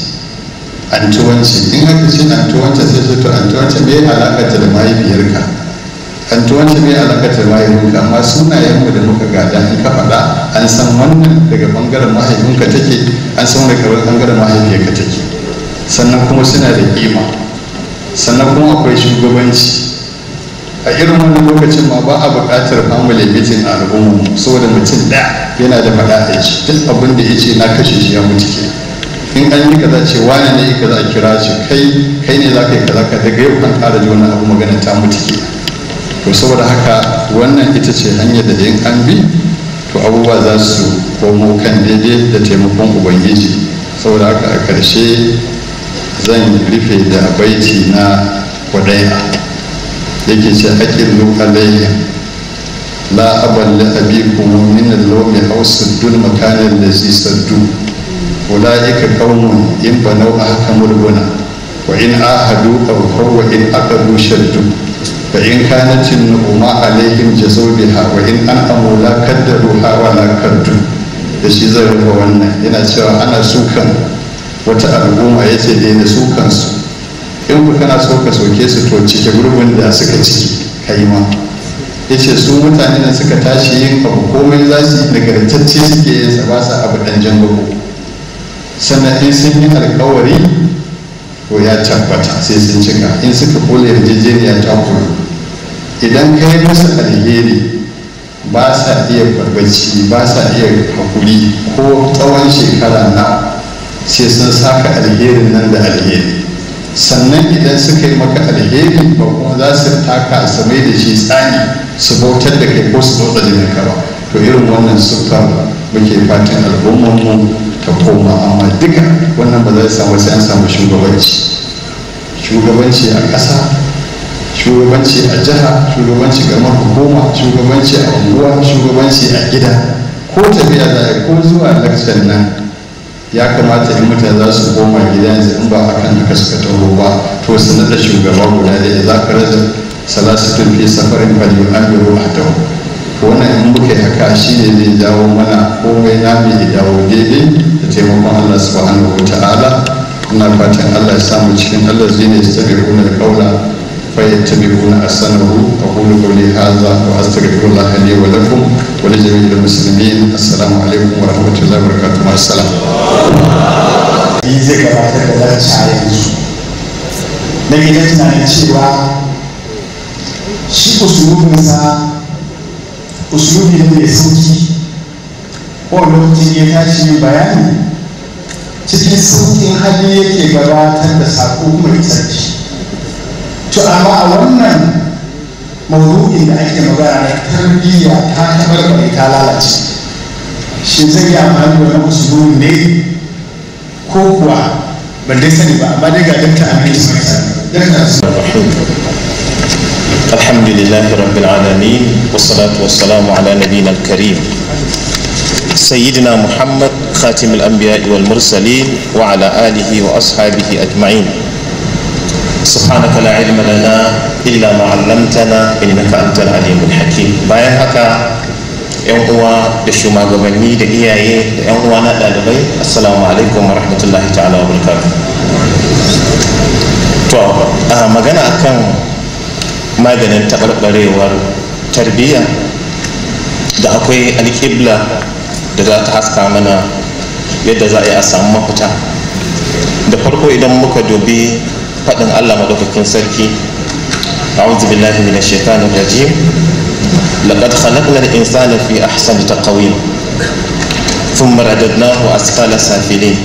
Speaker 4: antuwanci in haka ce antuwanci sai sai to antuwanci mai alakata da mahaifiyarka antuwanci mai alakata da mahaifinka amma sunayenmu da muka gada in ka faɗa an san wannan daga ɓangaren mahaifinka take an san daga ɓangaren mahaifiyarka take sannan kuma suna da kima sannan kuma akwai shugabanci a irin wannan lokacin ma ba a buƙatar family meeting a al'ummu saboda mutum ɗaya yana da faɗa a yi duk abin da ya ce na kashe shi ya mutu ke in an yi kaza ce wani ne kaza a kira shi kai kai ne za ka yi kaza ka daga yau kan ƙara ji wannan abu magana ta mutu ke to saboda haka wannan ita ce hanyar da in an bi to abubuwa za su komo kan daidai da taimakon ubangiji saboda haka a ƙarshe zan rufe da baiti na kwaɗaya yake ce haƙin lokalayya la abal li abikum min al dun makanin da zai sardu saddu ulaika kawo in a haka murguna. wa in a kawo wa in rushar du fa in na kuma numa alaihim jazaw ha? wa in an'amu kadda ruha wa na kaddu da shi zai rufe wannan yana cewa ana sukan wata al'umma yace da sukan su in ku kana so ka soke su to cike gurbin da suka ciki ka yi ma ya ce su mutane da suka tashi yin abu komai za su yi nagartacce suke yin sa ba sa abu dan sannan in sun yi alkawari to ya tabbata sai sun cika in suka kula yarjejeniya ta kula idan ka yi musu alheri ba sa iya barbaci ba sa iya hakuri ko tsawon shekara na sai sun saka alherin nan da alheri sannan idan suka yi maka alheri ba kuma za su taka a same da shi tsani su bautar da kai ko su motsa da ka ba to irin wannan sufar muke fatan al'ummarmu ta koma amma duka wannan ba zai samu sai an samu shugabanci shugabanci a ƙasa shugabanci a jiha shugabanci gaban hukuma shugabanci a unguwa shugabanci a gida ko tafiya za ko zuwa lakcin nan ya kamata in mutane za su koma yanzu in ba akan haka suka taho ba to su nada shugaba guda da ya zaka da salasitun fi safarin bali ruwa a taho wannan in muka yi haka shi ne zai dawo mana komai na mai dawo daidai da taimakon allah subhanahu wa ta'ala ina fatan allah ya samu cikin allah zai ne su tabi da kaula فيتبعون أحسنه أقول قولي هذا وأستغفر الله لي ولكم ولجميع المسلمين السلام عليكم ورحمة الله وبركاته مع السلامة
Speaker 2: da lacca yanzu tunanin cewa shi usulubinsa usulubi ne mai sauki ko lokacin ya tashi yin bayani cikin sauƙin hali yake gabatar da sako kuma isar da to amma a wannan mawuru'in da ake magana na tarbiyya ta tabarbare ta lalace shi zai yi amfani da wani usulubi ne ko kuwa ban dai sani ba amma dai ga danta amfani da
Speaker 5: sani الحمد لله رب العالمين والصلاة والسلام على نبينا الكريم سيدنا محمد خاتم الأنبياء والمرسلين وعلى آله وأصحابه أجمعين سبحانك لا علم لنا إلا ما علمتنا إنك أنت العليم الحكيم bayan haka yan uwa da shugabanni da iyaye da yan uwa ɗalibai assalamu alaikum wa rahmatullahi magana akan maganin taɓarɓarewar tarbiyya da akwai alƙibla da za ta haska mana yadda za a yi a samu mafita da farko idan muka dubi faɗin Allah madaukakin sarki a'udhu billahi minash shaitanir rajim laqad khalaqnal insana fi ahsani taqwim thumma radadnahu asfala safilin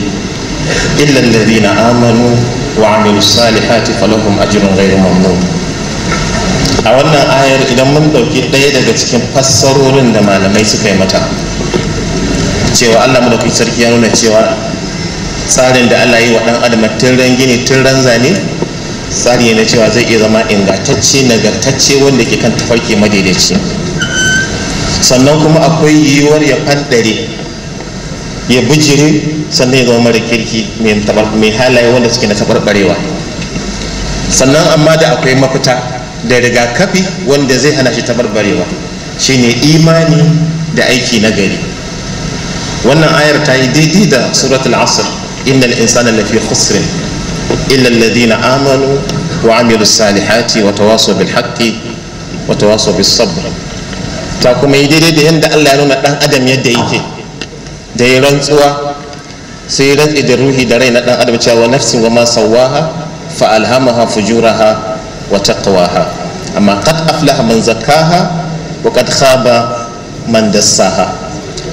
Speaker 5: illa alladhina amanu wa amilus salihati falahum ajrun ghayru mamnun a wannan ayar idan mun dauki ɗaya daga cikin fassarorin da malamai suka yi mata cewa Allah madaukakin sarki ya nuna cewa tsarin da Allah yi wa ɗan adam tun ran gini tun ran zane tsari na cewa zai iya zama ingantacce nagartacce wanda ke kan tafarki madaidaici sannan kuma akwai yiwuwar ya faddare ya bijire sannan ya zama mara kirki mai halaye wanda suke na tabarbarewa sannan amma da akwai mafita da rigakafi wanda zai hana shi tabarbarewa shine imani da aiki na gari wannan ayar ta yi daidai da suratul asr إن الإنسان لفي خسر إلا الذين آمنوا وعملوا الصالحات وتواصوا بالحق وتواصوا بالصبر ta kuma yi daidai da yadda Allah ya nuna ɗan adam yadda yake da ya rantsuwa sai ya rantsi da ruhi da rai na ɗan adam cewa nafsin wa ma sawaha fa alhamaha fujuraha wa taqwaha amma qad aflaha man zakkaha wa qad khaba man dassaha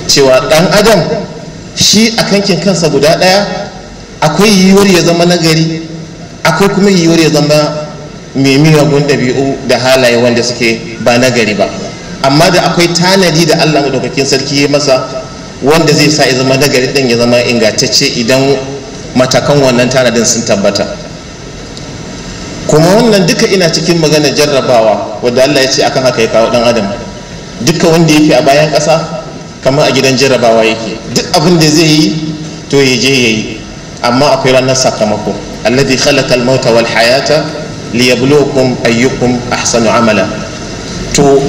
Speaker 5: cewa ɗan adam shi a kankin kansa guda ɗaya akwai yiwuwar ya zama nagari akwai kuma yiwuwar ya zama mai miyagun ɗabi'u da halaye wanda suke ba nagari ba amma da akwai tanadi da allah madaukakin sarki ya masa wanda zai sa ya zama nagari ɗin ya zama ingantacce idan matakan wannan tanadin sun tabbata kuma wannan duka ina cikin magana jarrabawa wadda allah ya ce akan haka ya kawo ɗan adam duka wanda yake a bayan ƙasa kamar a gidan jarrabawa yake duk abin da zai yi to ya je ya yi amma akwai ranar sakamako alladhi khalaqa al-mauta wal hayata liyabluwakum ayyukum ahsanu amala to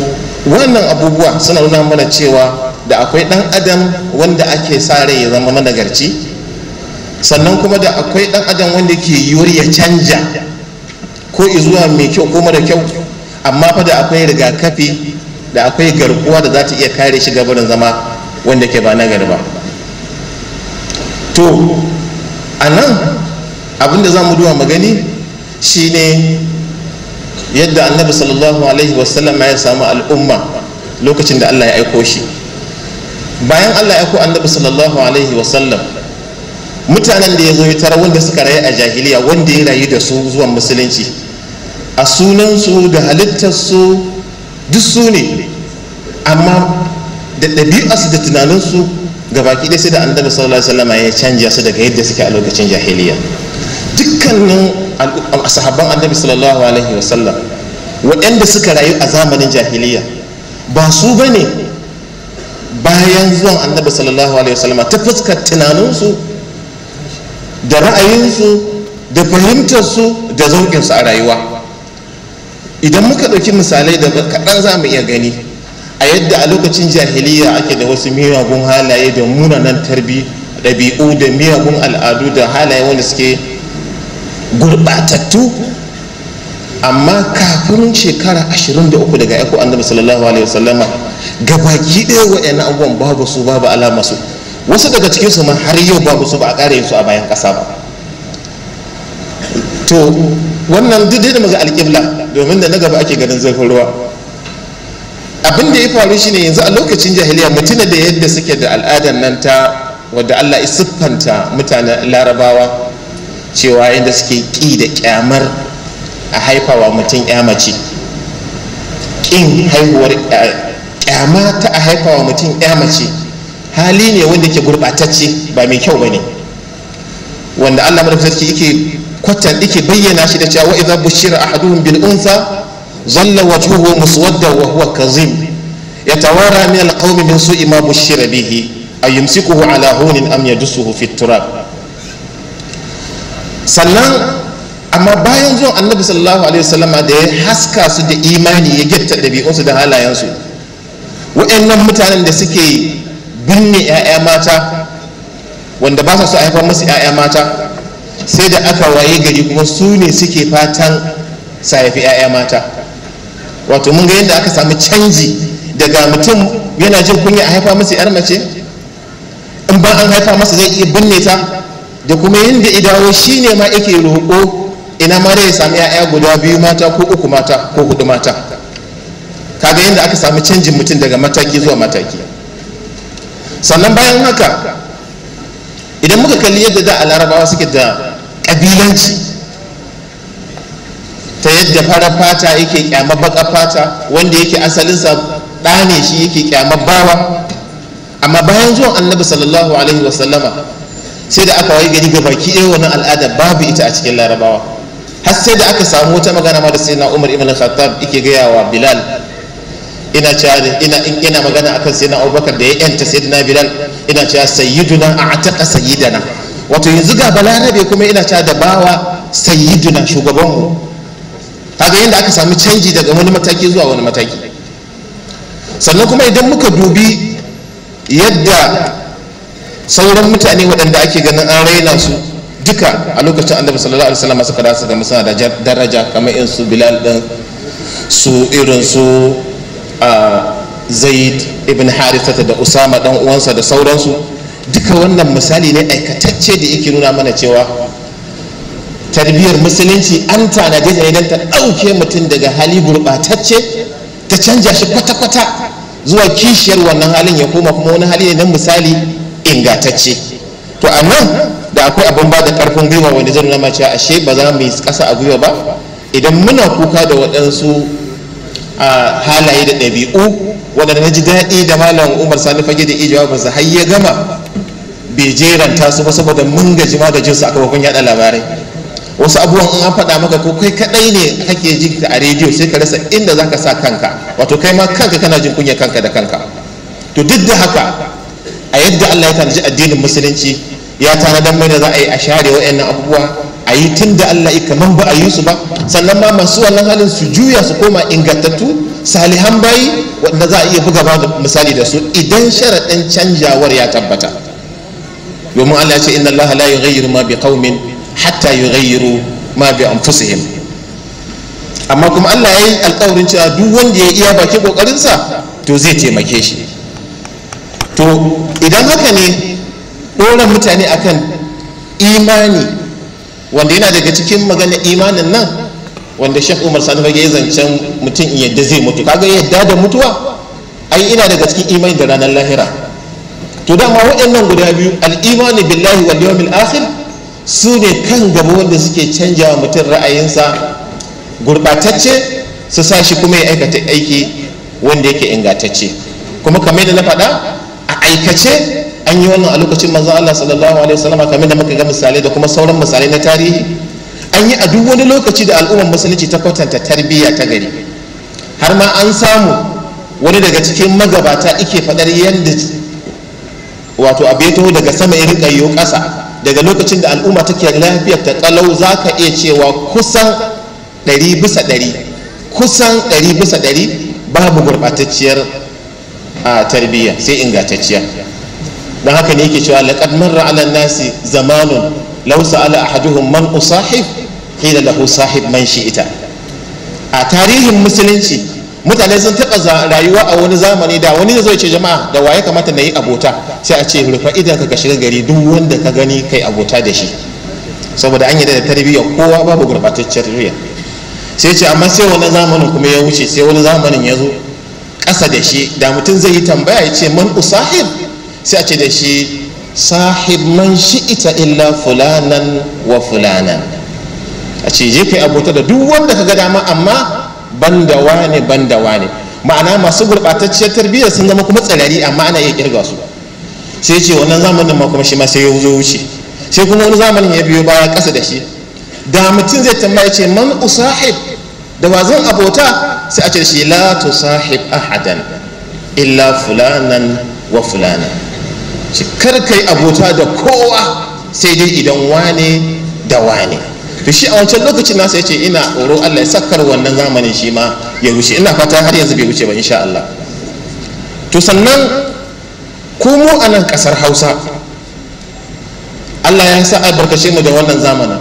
Speaker 5: wannan abubuwa suna nuna mana cewa da akwai dan adam wanda ake sa rai ya zama managarci sannan kuma da akwai dan adam wanda ke yiwuwar ya canja ko izuwa mai kyau ko mara kyau amma fa da akwai rigakafi da akwai garkuwa da za ta iya kare shi gabarin zama wanda ke ba nagari ba to a nan abinda za mu duwa magani shine yadda annabi sallallahu alaihi wasallama ya samu al'umma lokacin da allah ya aiko shi bayan allah ya aiko annabi sallallahu alaihi wasallam mutanen da ya zo tara wanda suka rayu a jahiliya wanda ya rayu da su zuwa musulunci a sunansu da halittarsu duk su ne amma da ɗabi'arsu da tunaninsu ga baki ɗaya sai da annabi sallallahu alaihi wasallam ya canja su daga yadda suke a lokacin jahiliya dukkanin sahabban annabi sallallahu alaihi wasallam waɗanda suka rayu a zamanin jahiliya ba su ba ne bayan zuwan annabi sallallahu alaihi wasallam ta fuskar tunaninsu da ra'ayinsu da fahimtarsu da zaukinsu a rayuwa idan muka ɗauki misalai da kaɗan za mu iya gani a yadda a lokacin jahiliya ake da wasu miyagun halaye da munanan tarbi ɗabi'u da miyagun al'adu da halaye wanda suke gurɓatattu amma kafin shekara 23 daga aiko annabi sallallahu alaihi wasallama gabaki ɗaya wa'annan abubuwan babu su babu alama su wasu daga cikin su ma har yau babu su ba a ƙara yin su a bayan ƙasa ba to wannan duk da muka alƙibla domin da na gaba ake ganin zai ruwa abin da ya faru shi ne yanzu a lokacin jahiliya mutuna da yadda suke da al'adar nan ta wadda Allah ya siffanta mutanen larabawa cewa yadda suke ƙi da ƙyamar a haifawa mutum mace ƙin haihuwar ƙyama ta a haifawa mutum mace hali ne wanda ke gurɓatacce ba mai kyau ba ne wanda Allah madafisarki yake kwatan yake bayyana shi da cewa wa'iza bushira ahaduhum bil unsa ظل wa huwa kazim كظيم min من ima من سوء ما bihi به أيمسكه على hunin am يدسه في fitura. sannan amma bayan zuwan annabi sallallahu alaihi wasallama da ya haska su da imani ya getta ɗabi'unsu da halayensu waɗannan mutanen da suke binne 'ya'ya mata wanda ba sa su haifar musu 'ya'ya mata sai da aka waye gari kuma su ne suke fatan sa haifi 'ya'ya mata wato mun ga yadda aka samu canji daga mutum yana jin kunya a haifa masa yar mace in ba an haifa masa zai iya binne ta da kuma yadda idawo shi ne ma yake roƙo ina ma da ya sami ya'ya guda biyu mata ko uku mata ko hudu mata kaga yadda aka samu canjin mutum daga mataki zuwa mataki sannan bayan haka idan muka kalli yadda da a larabawa suke da ƙabilanci ta yadda farar fata yake kyamar baka fata wanda yake asalinsa ɗa ne shi yake kyamar bawa amma bayan zuwan annabi sallallahu alaihi wasallama sai da aka wayi gari ga baki ɗaya wannan al'ada babu ita a cikin larabawa har sai da aka samu wata magana ma da sai na umar ibn khattab yake gaya wa bilal ina cewa ina ina magana akan sai na abubakar da ya yanta sayyidina bilal ina cewa sayyiduna a sayyidana wato yanzu ga balarabe kuma ina cewa da bawa sayyiduna shugabanmu kaga yadda aka sami canji daga wani mataki zuwa wani mataki sannan kuma idan muka dubi yadda sauran mutane waɗanda ake ganin an raina su duka a lokacin annabi sallallahu alaihi wasallam suka da ga musana da daraja kamar in su bilal din su irin su zaid ibn harithata da usama dan uwansa da sauransu duka wannan misali ne aikatacce da yake nuna mana cewa tarbiyyar musulunci an tanaje ne don ta ɗauke mutum daga hali gurɓatacce ta canja shi kwata-kwata zuwa kishiyar wannan halin ya koma kuma wani hali ne na misali ingatacce to a nan da akwai abin ba da ƙarfin gwiwa wani zan nama cewa ashe ba za mu yi ƙasa a gwiwa ba idan muna kuka da waɗansu halaye da ɗabi'u waɗanda na ji daɗi da malam umar sani fage da ijawa ba su har ya gama bai jeranta su ba saboda mun gaji ma da jinsu a kafafen yaɗa labarai wasu abubuwan in an faɗa maka ko kai kaɗai ne kake jin a rediyo sai ka rasa inda zaka sa kanka wato kai ma kanka kana jin kunya kanka da kanka to duk da haka a yadda Allah ya tanaji addinin musulunci ya tanadar mai da za a yi a share wa'annan abubuwa a yi tun da Allah ya kaman ba a yi su ba sannan ma masu wannan halin su juya su koma ingantattu salihan bayi wanda za a iya buga ba misali da su idan sharaɗin canjawar ya tabbata domin Allah ya ce inna Allah la yughayyiru ma biqaumin hatta yughayyiru ma bi anfusihim amma kuma Allah ya yi alƙawarin cewa duk wanda ya iya baki ƙoƙarinsa to zai taimake shi to idan haka ne ɗora mutane akan imani wanda yana daga cikin magana imanin nan wanda shek umar sani fage zancen mutum yadda zai mutu kaga yadda da mutuwa ai ina daga cikin imani da ranar lahira to dama waɗannan guda biyu al'imani billahi wal yawmil akhir su ne kan gaba wanda suke canja wa mutum ra'ayinsa gurɓatacce su sa shi kuma ya aikata aiki wanda yake ingantacce kuma kamar da na faɗa a aikace an yi wannan a lokacin manzon Allah sallallahu alaihi wasallam kamar da muka ga misalai da kuma sauran misalai na tarihi an yi a duk wani lokaci da al'ummar musulunci ta kwatanta tarbiyya ta gari har ma an samu wani daga cikin magabata ike faɗar yadda wato abu ya taho daga sama ya riƙa yiwu ƙasa daga lokacin da al'umma take lafiyar ta kalau za ka iya cewa kusan ɗari bisa ɗari kusan ɗari bisa ɗari babu gurɓatacciyar a tarbiyya sai ingantacciya don haka ne yake cewa laqad marra ala nasi zamanun law sa'ala ahaduhum man usahib qila lahu sahib man shi'ita a tarihin musulunci mutane sun taɓa rayuwa a wani zamani da wani zai ce jama'a da waye kamata na yi abota sai a ce rufa idan ka shiga gari duk wanda ka gani kai abota da shi saboda an yi da tarbiyya kowa babu gurbataccen tarbiyya sai ce amma sai wani zamanin kuma ya wuce sai wani zamanin ya zo ƙasa da shi da mutum zai yi tambaya ya ce man usahib sai a ce da shi sahib man shi ita illa fulanan wa fulanan a ce je kai abota da duk wanda ka ga dama amma banda wane banda wane ma'ana masu gurɓatacciyar tarbiyya sun zama kuma tsirari amma ana iya kirga su sai ce wannan zamanin ma kuma shi ma sai ya wuce sai kuma wani zamanin ya biyo baya ƙasa da shi da mutum zai tambaya ce man usahib da wa zan abota sai a ce shi la sahib ahadan illa fulanan wa fulana shi kar kai abota da kowa sai dai idan wane da wane to shi a wancan lokacin nasa ya ce ina tsoron Allah ya sakar wannan zamanin shi ma ya wuce ina fata har yanzu bai wuce ba insha Allah to sannan ko mu a nan kasar Hausa Allah ya sa albarkace mu da wannan zamanin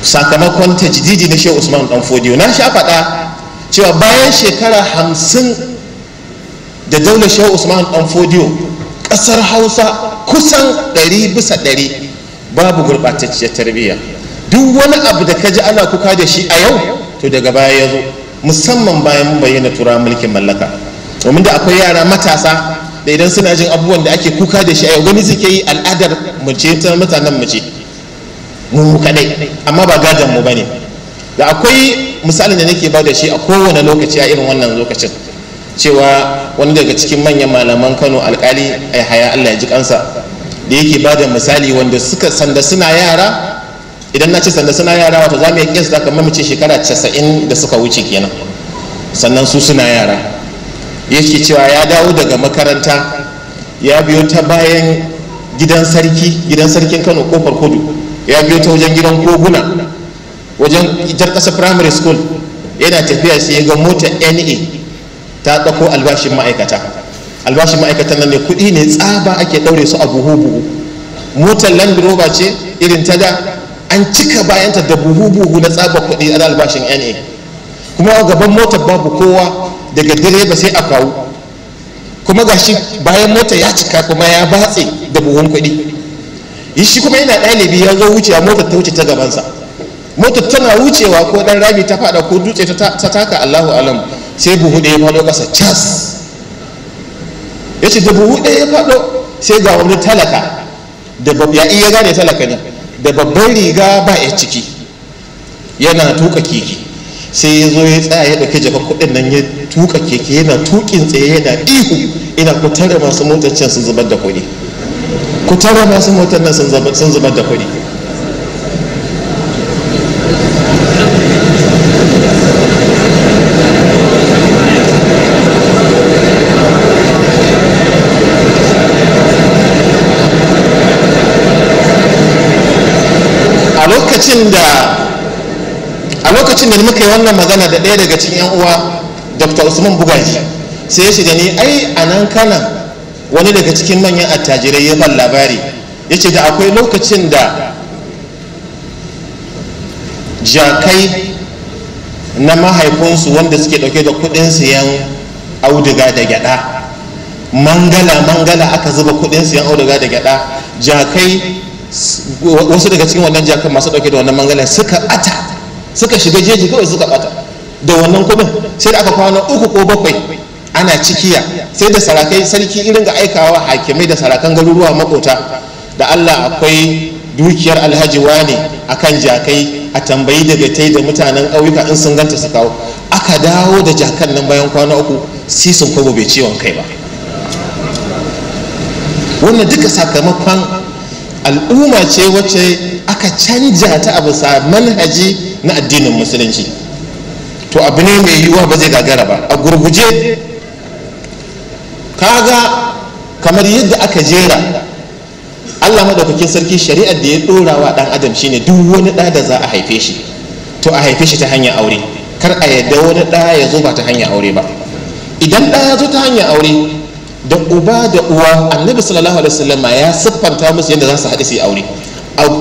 Speaker 5: sakamakon tajdidi na Shehu Usman dan Fodiyo na sha faɗa cewa bayan shekara hamsin da daular Shehu Usman dan Fodiyo kasar Hausa kusan ɗari bisa ɗari babu gurɓatacciyar tarbiyya duk wani abu da ka ji ana kuka da shi a yau to daga baya ya zo musamman bayan mun bayyana turawa mulkin mallaka domin da akwai yara matasa da idan suna jin abubuwan da ake kuka da shi a yau gani suke yi al'adar mu ta mutanen mu ce mu kadai amma ba gadon mu bane da akwai misalin da nake ba da shi a kowane lokaci a irin wannan lokacin cewa wani daga cikin manyan malaman Kano alkali a haya Allah ya ji kansa da yake ba da misali wanda suka sanda suna yara idan na ce sanda suna yara wato za mu yi kiyas da kamar mace shekara casa'in da suka wuce kenan sannan su suna yara yake cewa ya dawo daga makaranta ya biyo ta bayan gidan sarki gidan sarkin kano kofar kudu ya biyo ta wajen gidan koguna wajen jar kasa primary school yana tafiya sai ya ga mota na ta ɗauko albashin ma'aikata albashin ma'aikatan nan ne kuɗi ne tsaba ake ɗaure su a buhu buhu motar land rover ce irin ta da an cika bayanta da buhu buhu na tsaba kuɗi a albashin na kuma a gaban motar babu kowa daga direba sai a kawo kuma gashi bayan mota ya cika kuma ya batse da buhun kuɗi shi kuma yana ɗalibi ya zo wucewa motar ta wuce ta gabansa motar tana wucewa ko ɗan rami ta faɗa ko dutse ta taka allahu alam sai buhu ɗaya ya faɗo ƙasa cas ya ce da buhu ɗaya ya faɗo sai ga wani talaka da ya iya gane talaka ne da babban riga ba ya ciki yana tuka keke sai ya zo ya tsaya ya ɗauki jaka kuɗin nan ya tuka keke yana tukin tsaye yana ihu ina ku tare masu motar can sun zubar da kuɗi ku tare masu motar nan sun zubar da kuɗi lokacin da a lokacin da muka yi wannan magana da ɗaya daga cikin 'yan uwa dr usman bugaji sai ya shiga ni ai a nan kana wani daga cikin manyan attajirai ya ban labari ya ce da akwai lokacin da jakai na mahaifinsu wanda suke dauke da kudin siyan auduga da gyada mangala mangala aka zuba kudin siyan auduga da gyada jakai wasu daga cikin wannan jakan masu dauke da wannan mangalan suka bata suka shiga jeji kawai suka bata da wannan kudin sai da aka kwana uku ko bakwai ana cikiya sai da sarakai sarki irin ga aikawa hakimai da sarakan garuruwa makota da allah akwai dukiyar alhaji wane a kan jakai a tambayi daga tai da mutanen ƙauyuka in sun ganta su kawo aka dawo da jakan nan bayan kwana uku si sun kwabo bai ciwon kai ba wannan duka sakamakon al'umma ce wacce aka canja ta a bisa manhaji na addinin musulunci to abu ne mai yiwuwa ba zai gagara ba a gurguje kaga kamar yadda aka jera allah madaukakin sarki shari'ar da ya dora wa dan adam shine duk wani ɗa da za a haife shi to a haife shi ta hanyar aure kar a yadda wani ɗa ya zo ba ta hanyar aure ba idan ɗa ya zo ta hanyar aure da uba da uwa annabi sallallahu alaihi wasallama ya siffanta musu yadda za su haɗu su yi aure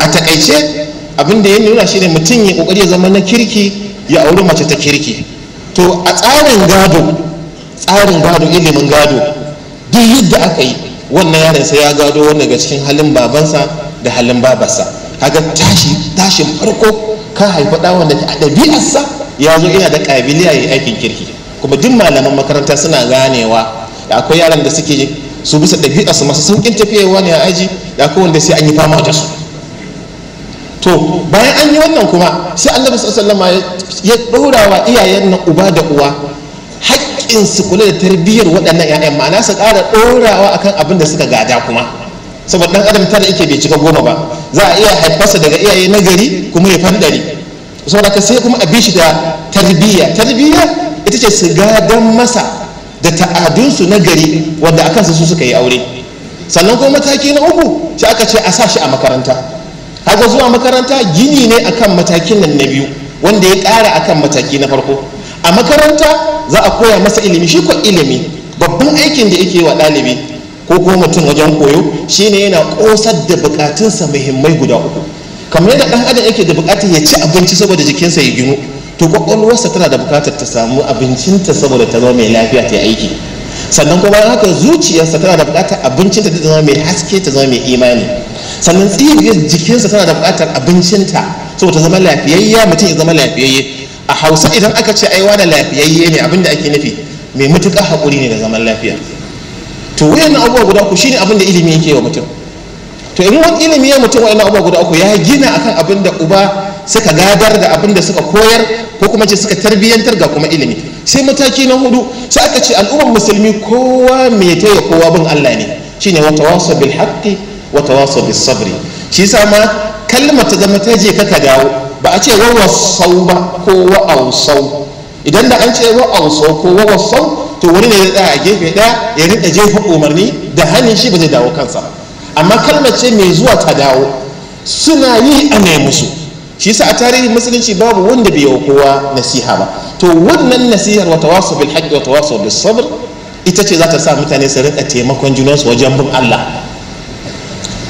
Speaker 5: a takaice abin da ya nuna shine mutum ya kokari ya zama na kirki ya auri mace ta kirki to a tsarin gado tsarin gado ilimin gado duk yadda aka yi wannan yaron sai ya gado wanda ga cikin halin babansa da halin babarsa kaga tashi tashin farko ka haifa da wanda a ɗabi'arsa ya zo yana da ƙabiliya ya yi aikin kirki kuma duk malaman makaranta suna ganewa da akwai yaran da suke su bisa ɗabi'a su masu saukin tafiyawa ne a aji da akwai wanda sai an yi fama da su to bayan an yi wannan kuma sai Allah sallallahu alaihi ya ɗora wa iyayen nan uba da uwa haƙƙin su kula da tarbiyyar waɗannan 'ya'yan ma'ana su ƙara ɗorawa akan abin da suka gada kuma saboda ɗan adam tara yake bai cika goma ba za a iya haifarsa daga iyaye na gari kuma ya fandare saboda ka sai kuma a bi shi da tarbiyya tarbiyya ita ce su gadon masa da ta'adunsu na gari wanda akan su suka yi aure sannan kuma mataki na uku sai aka ce a sa shi a makaranta haka zuwa makaranta gini ne akan matakin nan na biyu wanda ya ƙara akan mataki na farko a makaranta za a koya masa ilimi shi ko ilimi babban aikin da yake wa ɗalibi ko kuma mutum wajen koyo shi ne yana ƙosar da buƙatunsa muhimmai guda uku kamar yadda ɗan adam yake da buƙatar ya ci abinci saboda jikinsa ya ginu to kwakwalwarsa tana da bukatar ta samu abincinta saboda ta zama mai lafiya ta yi aiki sannan kuma haka zuciyarsa tana da bukatar abincinta ta zama mai haske ta zama mai imani sannan tsibiyar jikinsa tana da bukatar abincinta saboda ta zama lafiyayya mutum ya zama lafiyayye a hausa idan aka ce aiwa da lafiyayye ne abinda ake nufi mai matuƙar haƙuri ne da zaman lafiya to wayan abubuwa guda ku shine abin da ilimi yake wa mutum to in wani ilimi ya mutum wayan abubuwa guda uku ya gina akan abin da uba suka gadar da abin da suka koyar ko kuma ce suka tarbiyyantar ga kuma ilimi sai mataki na hudu sai aka ce al'ummar musulmi kowa mai taya kowa bin Allah ne shine wa tawassaw bil haqqi wata tawassaw bil sabri shi yasa ma kalmar ta zama ta je ka dawo ba a ce wa sau ba ko wa sau idan da an ce wa sau ko wa sau to wani ne ya tsaya a gefe ɗaya ya rika jefa umarni da hannun shi ba zai dawo kansa amma kalmar ce mai zuwa ta dawo suna yi a musu shi yasa a tarihin musulunci babu wanda bai kowa nasiha ba to wannan nasihar wata wasu bil haqqi wata wasu bil sabr ita ce za ta sa mutane su riƙa taimakon junansu wajen bin Allah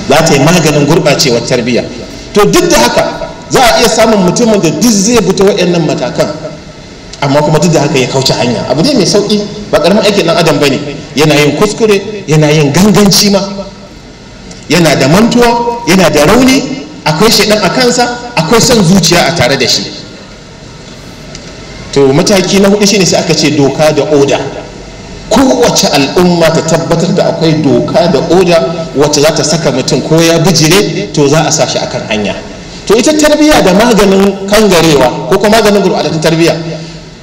Speaker 5: za ta yi maganin gurɓacewar tarbiyya to duk da haka za a iya samun mutumin da duk zai buta waɗannan matakan amma kuma duk da haka ya kauce hanya abu ne mai sauƙi ba ƙaramin aikin ɗan adam bane yana yin kuskure yana yin ganganci ma yana da mantuwa yana da rauni akwai shaidan a kansa akwai son zuciya a tare da shi to mataki na hudu shine sai aka ce doka da oda kowace al'umma ta tabbatar da akwai doka da oda wacce za ta saka mutum ko ya bijire to za a sa shi akan hanya to ita tarbiyya da maganin kangarewa ko kuma maganin gurbatar tarbiyya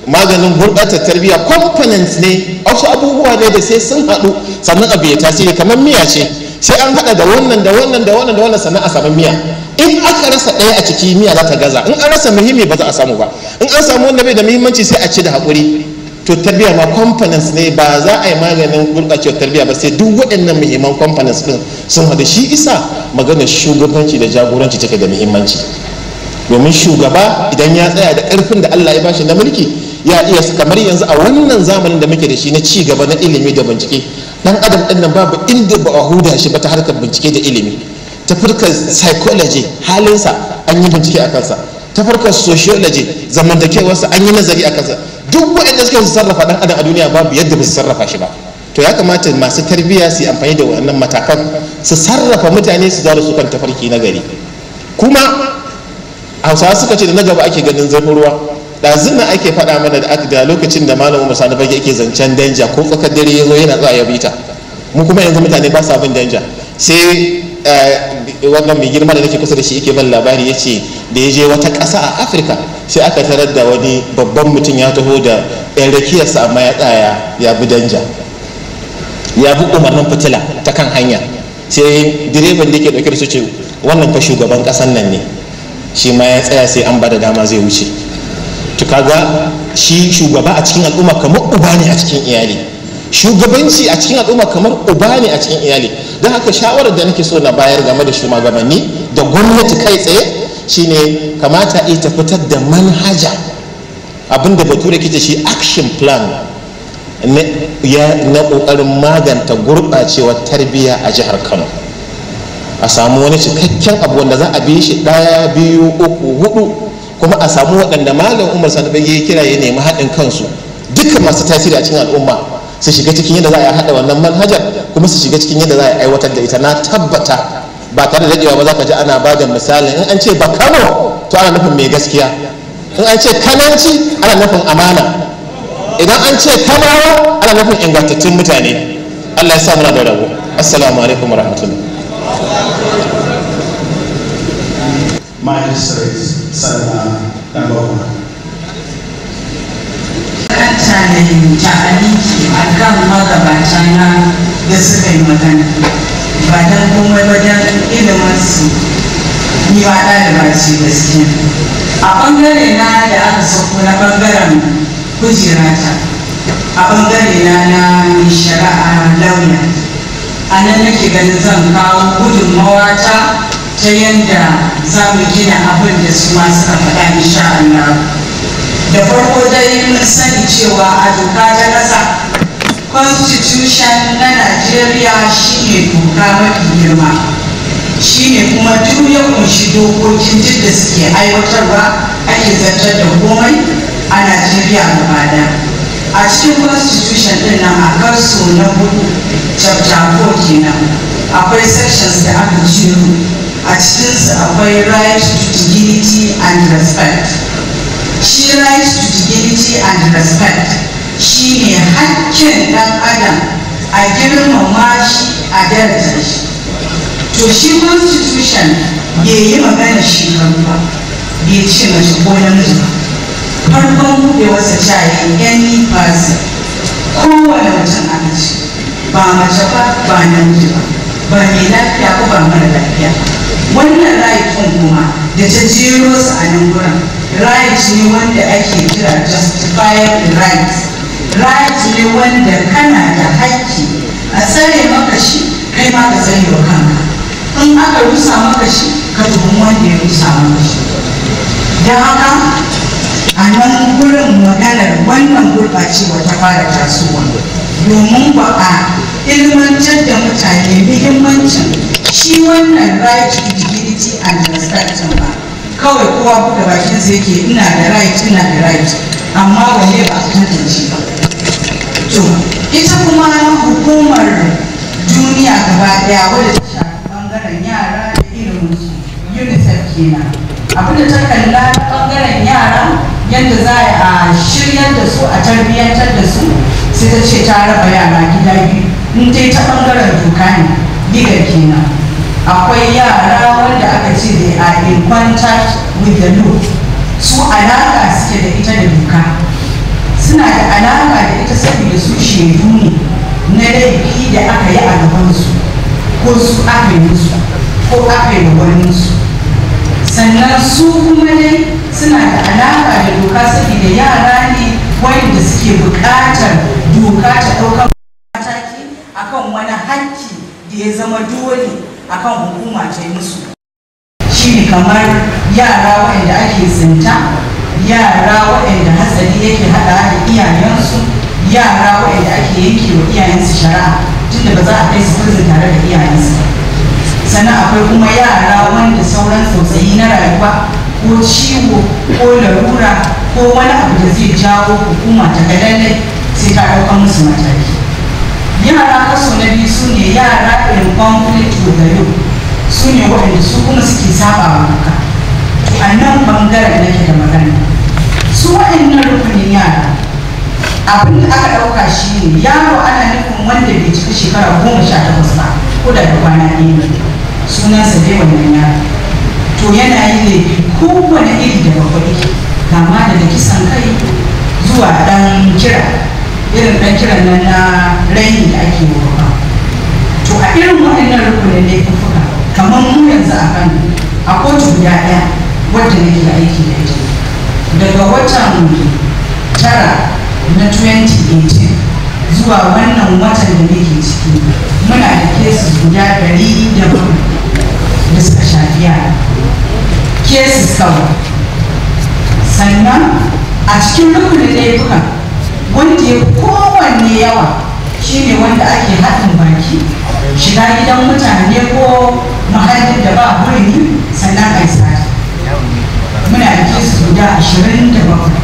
Speaker 5: maganin gurɓatar tarbiyya components ne wasu abubuwa ne da sai sun haɗu sannan abu ya tasiri kamar miya ce sai an haɗa da wannan da wannan da wannan da wannan sannan a samu miya in aka rasa ɗaya a ciki miya za ta gaza in an rasa muhimmi ba za a samu ba in an samu wanda bai da muhimmanci sai a ci da haƙuri to tarbiyya ma components ne ba za a yi maganin gurɓacewar tarbiyya ba sai duk waɗannan muhimman components ɗin sun haɗu shi isa maganar shugabanci da jagoranci take da muhimmanci domin shugaba idan ya tsaya da ƙarfin da Allah ya bashi na mulki ya iya kamar yanzu a wannan zamanin da muke da shi na ci gaba na ilimi da bincike dan adam ɗin babu inda ba a huda shi ba ta harkar bincike da ilimi ta farkar psychology halinsa an yi bincike a kansa ta farkar sociology zamantakewarsa an yi nazari a kansa duk waɗanda suke su sarrafa ɗan adam a duniya babu yadda ba su sarrafa shi ba to ya kamata masu tarbiyya su amfani da waɗannan matakan su sarrafa mutane su zara su kan tafarki na gari kuma hausawa suka ce da na gaba ake ganin zafin ruwa ɗazun ake faɗa mana da lokacin da malamin musa na bage yake zancen danja ko tsakar dare ya zo yana zuwa ya bita mu kuma yanzu mutane ba sa bin danja sai wannan mai girma da nake kusa da shi yake ban labari ya ce da ya je wata ƙasa a afirka sai aka tarar da wani babban mutum ya taho da yan rakiyarsa amma ya tsaya ya bi danja ya bi umarnin fitila ta kan hanya sai direban da ke ɗauke da su ce wannan fa shugaban ƙasan nan ne shi ma ya tsaya sai an ba da dama zai wuce to kaga shi shugaba a cikin al'umma kamar uba ne a cikin iyali shugabanci a cikin al'umma kamar uba ne a cikin iyali don haka shawarar da nake so na bayar game da shugabanni da gwamnati kai tsaye shine kamata iya ta fitar da manhaja abinda bature ke shi action plan na kokarin maganta gurɓacewar tarbiyya a jihar kano a samu wani cikakken abu wanda za a bi shi ɗaya biyu uku hudu kuma a samu waɗanda malam umar sanabai ya kira ya nemi haɗin kansu duka masu tasiri a cikin al'umma su shiga cikin yadda za a haɗa wannan manhajar kuma su shiga cikin yadda za a aiwatar da ita na tabbata ba tare da daɗewa ba za ka ji ana ba da misalin in an ce ba kano to ana nufin mai gaskiya in an ce kananci ana nufin amana idan an ce kanawa ana nufin ingantattun mutane allah ya sa muna da rabo assalamu alaikum warahmatullah
Speaker 2: magistrates sannan na bakwai ta da
Speaker 1: ta'aliki a kan magabata na da suka yi magana ba don komai wajen iliminsu ni ba ɗaliba ce gaskiya a ɓangare na da aka sauko na ɓangaren kujerata a ɓangare na na shari'a lauya a nan nake ganin zan kawo gudunmawa ta ta yadda za mu gina abin da su ma suka faɗa insha Allah. da farko dai mun sani cewa a doka ta ƙasa constitution na najeriya shine doka mafi girma shine kuma duk ya kunshi dokokin duk da suke aiwatarwa ake zartar da komai a najeriya bada a cikin constitution din nan a karso na hudu chapter 4 kenan akwai sections da aka ciro a cikinsu akwai right to dignity and respect shi rights to dignity and respect shi ne hakkin ɗan adam a girmama shi a daraja shi to shi constitution bai yi magana shekaru ba bai ce mace ko namiji ba farkon buɗewarsa jayen any person kowane mutum a mace ba mace ba ba namiji ba ba mai lafiya ko ba mara lafiya wannan ra'ayin kuma da ta jero su a nan gurin right ne wanda ake kira justified right right ne wanda kana da haƙƙi a tsare maka shi kai ma ka tsare wa kanka in aka rusa maka shi ka tuhumi wanda ya rusa maka shi da haka a nan gurin maganar wannan gurɓacewa ta fara tasowa domin ba a ilmantar da mutane muhimmancin shi wannan right to dignity and respect ba kawai kowa buɗe bakin sai yake ina da right ina da right amma wanne ba a tantance ba to ita kuma hukumar duniya gaba daya wadda ta shafi bangaren yara da ilimin su unicef kenan abinda ta kalla bangaren yara yadda za a shiryar da su a tarbiyyantar da su sai ta ce ta raba yara gida biyu in dai ta bangaren doka ne digar kenan akwai yara wanda aka ce they are in contact with the law su alaka suke da ita da doka suna da alaka da ita saboda su shaidu ne na laifi da aka yi a gabansu ko su aka yi musu ko aka yi waninsu sannan su kuma dai suna da alaka da doka saboda yara ne wanda suke buƙatar doka ta ɗaukar mataki akan wani hakki da ya zama dole akan hukuma ta yi musu shine kamar yara waɗanda ake zinta yara waɗanda hatsari yake hada da iyayensu yara waɗanda ake yanke wa iyayensu shari'a tunda ba za a kai su prison tare da iyayensu sannan akwai kuma yara wanda sauran tsautsayi na rayuwa ko ciwo ko larura ko wani abu da zai jawo hukuma ta kadalai sai ta ɗauka musu mataki yara kaso na biyu su ne yara in conflict with the youth su ne waɗanda su kuma suke saba wa duka a nan bangaren nake da magana su waɗannan rukunin yara abin da aka ɗauka shi ne yaro ana nufin wanda bai cika shekara goma sha takwas ba ko da kwana ɗaya ne sunansa dai wannan yara to yana yi ne kowane iri da bakwai kama daga kisan kai zuwa ɗan kira irin ɗan kiran nan na raini da ake yi ba to a irin waɗannan rukunin laifuka kamar mu yanzu a kan a kotu guda ɗaya wadda nake aiki da ita daga watan tara na 2018 zuwa wannan watan da nake ciki muna da kesi guda ɗari da da suka shafi yara kesi kawai sannan a cikin rukunin laifukan wanda ya kowanne yawa shi ne wanda ake haɗin baki shiga gidan mutane ko mahallin da ba hurumi sannan a yi muna da su guda ashirin da bakwai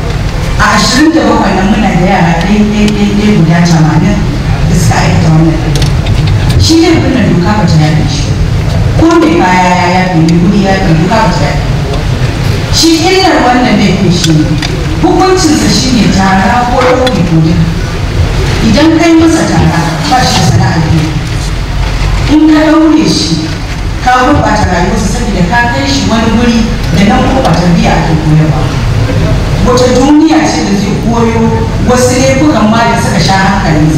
Speaker 1: a ashirin da bakwai nan muna da yara ɗaiɗaiɗaiɗai guda tamanin da suka aikata wannan shi ne bin doka ba ta yaɗe shi ko mai baya ya yaɗe ne guri ya yaɗe doka ba ta yaɗe shi illar wannan ke shi ne hukuncinsa shi ne tara ko ɗauke kudin idan kai masa tara ba shi sana'a biyu in ka ɗaure shi ka gurɓata rayuwarsa saboda ka kai shi wani wuri da nan ko biya tarbiyya ake koyarwa ba wata duniya ce da zai koyo wasu laifukan ma da suka sha hankali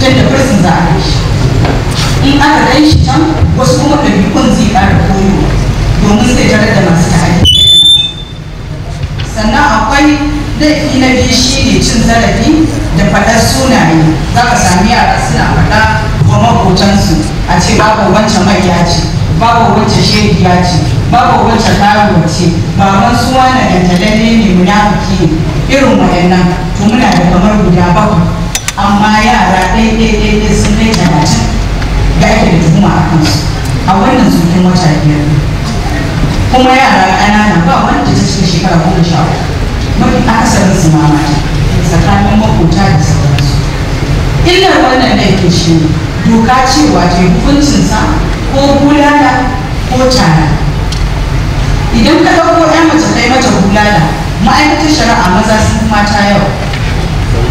Speaker 1: tun da firsin za a shi in aka kai shi can wasu kuma ɗabi'un zai ƙara koyo domin zai tarar da masu ta'adi sannan akwai laifi na biyu shi ne cin zarafi da faɗar sunaye za ka sami yara suna faɗa wa makotansu. a ce babu wancan ya ce babu wancan ya ce babu wancan tarihi ce baban na da dantalale ne munafiki ne irin nan, to muna da kamar guda bakwai amma yara ɗaya ɗaya ɗaya sun kai talatin da ake da tuhuma a kansu a wannan zurfin wata biyar kuma yara ƙanana ba wanda ta cika shekara goma sha uku mafi akasarin su ma mata tsakanin makota da sauransu illar wannan laifin shi ne doka cewa ta yi hukuncinsa ko bulala ko tara idan ka ɗauko ɗan mace kai mata bulala ma'aikatar shari'a maza sun mata yau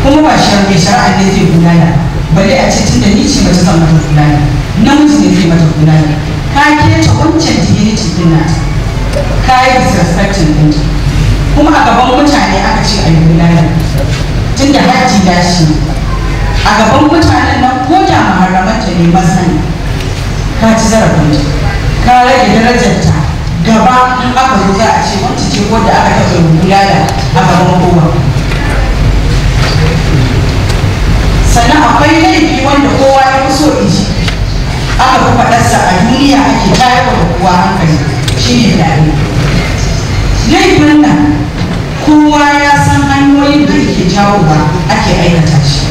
Speaker 1: kuma ba shari'a shari'a ne zai bulala bale a ce tun da ni ce mace zan mata bulala namiji ne zai mata bulala ka keta wancan jini cikin nata ka yi disrespecting din kuma a gaban mutane aka ce a yi bulala tun da hajji ya shi a gaban mutanen nan ko da ta ne masani ka ci zarafin ka rage darajarta gaba in aka zo za a ce wanda ce wanda aka taɓa yi bulala a gaban kowa sannan akwai laifi wanda kowa ya fi so ji aka fi faɗarsa a duniya ake tayar da kowa hankali shi ne dare laifin nan kowa ya san hanyoyin da ke jawowa ake aikata shi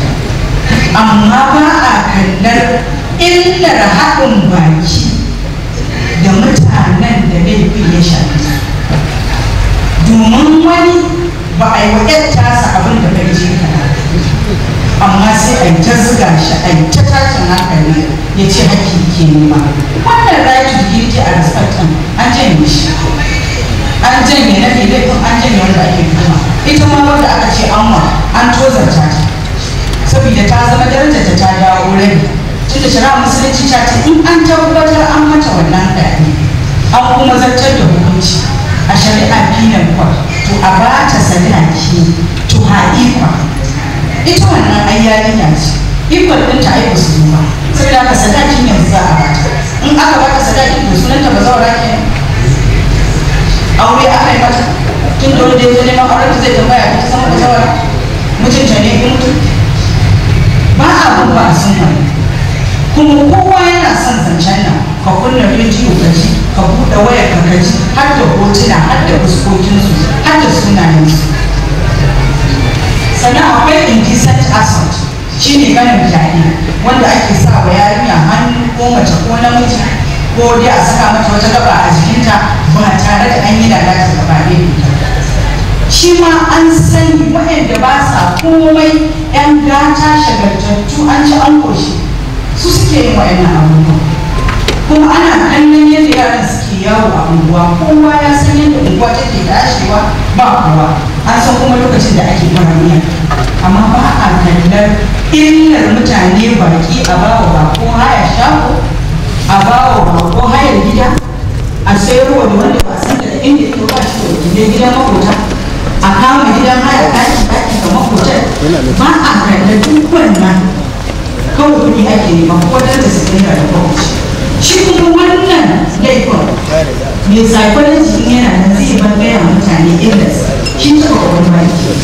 Speaker 1: amma ba a kallar illar haɗin baki da mutanen da laifin ya shafi domin wani ba a yi wa tasa abin da bai je kana amma sai a yi ta zuga shi a yi ta tashin hankali ya ce haƙƙi ke ma wannan raki da yake a respectin an janye shi an janye na fi laifin an janye wanda ake kuma ita ma wanda aka ce an wa an tozar ta saboda ta zama darajar ta dawo rai tunda shara musulunci ta ce in an tabbatar an mata wannan fyaɗe an kuma zartar da hukunci a shari'a binan kwa to a ba ta sadaki to haɗi kwa ita wannan ai yarinya ce ikon ɗinta ai ba su ba saboda haka sadakin yanzu za a bata in aka baka sadakin to sunanta ba zaura ke aure aka yi mata tun dole da ya neman auren zai baya ta sama ba zaura mutunta ne in mutu ba a ba a bane kuma kowa yana son zancen nan ka kunna rediyo ka ji ka buɗe wayar ka ji har da hotuna har da fuskokinsu har da sunayensu sannan akwai indecent assault shi ne ganin jaye wanda ake sa wa yarinya hannu ko mace ko namiji ko dai a saka mata wata gaba a jikinta ba tare da an yi lalata gaba ne shi ma an sani waɗanda ba sa komai yan gata shagartattu an ci an koshi su suke yin waɗannan abubuwa kuma ana kallon yadda yaran suke yawo a unguwa kowa ya san yadda unguwa take tashewa ba kowa an san kuma lokacin da ake kwaramiya amma ba a kallar illar mutane baki a bawa bako haya shago a bawa bako hayar gida a sayarwa da wanda ba san da inda ke ba shi da gidan gidan makota a kama gidan haya daki daki ga makota ba a kallar duk wannan kawai kuɗi ake neman ko da su dinga da gwamnati shi kuma wannan laifin mai psychology yana da zai ban gaya mutane illas shi ta kwakwalwa maki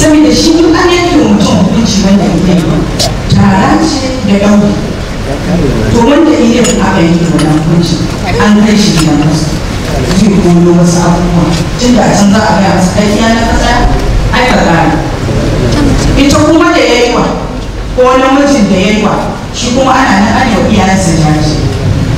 Speaker 1: saboda shi duk an yanke mutum hukunci wanda ya yi tara ce da ɗauri to wanda iya aka yanke wannan hukunci an kai shi gidan masu zai koyo wasu abubuwa tun da can za a gaya masu ƙarfiya na ƙasa ai ba ita kuma da ya yi wa ko namijin da ya yi wa shi kuma ana nan ana yau iyayensa jaji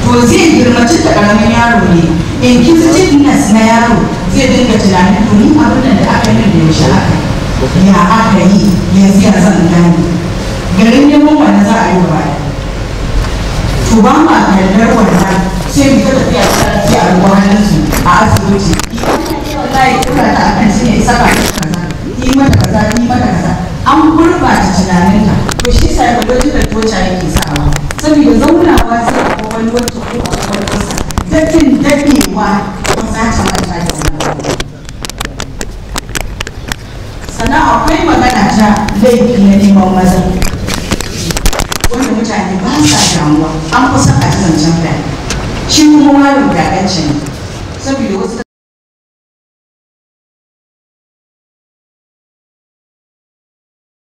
Speaker 1: to zai girma tun karamin yaro ne in inquisitiveness na yaro zai dinga tunanin to ni abin da aka yi da yaushe aka ya aka yi yanzu ya zan gani garin neman wani za a yi wa baya to ba ma kallar wannan sai mu ta tafiya ta sai a ruwa hannunsu a asibiti Ina wallahi kula ta akan shi ne saka kaza yi mata kaza yi mata kaza an gurbata tunaninka ko shi da torture yake sawa saboda ba sai a kwakwalwar wata ko a kwakwalwarsa dafin dafewa kuma za ta mata da wannan sannan akwai magana ta laifi na neman maza wanda mutane ba sa damuwa an kusa a can da shi kuma wani gagancin saboda wasu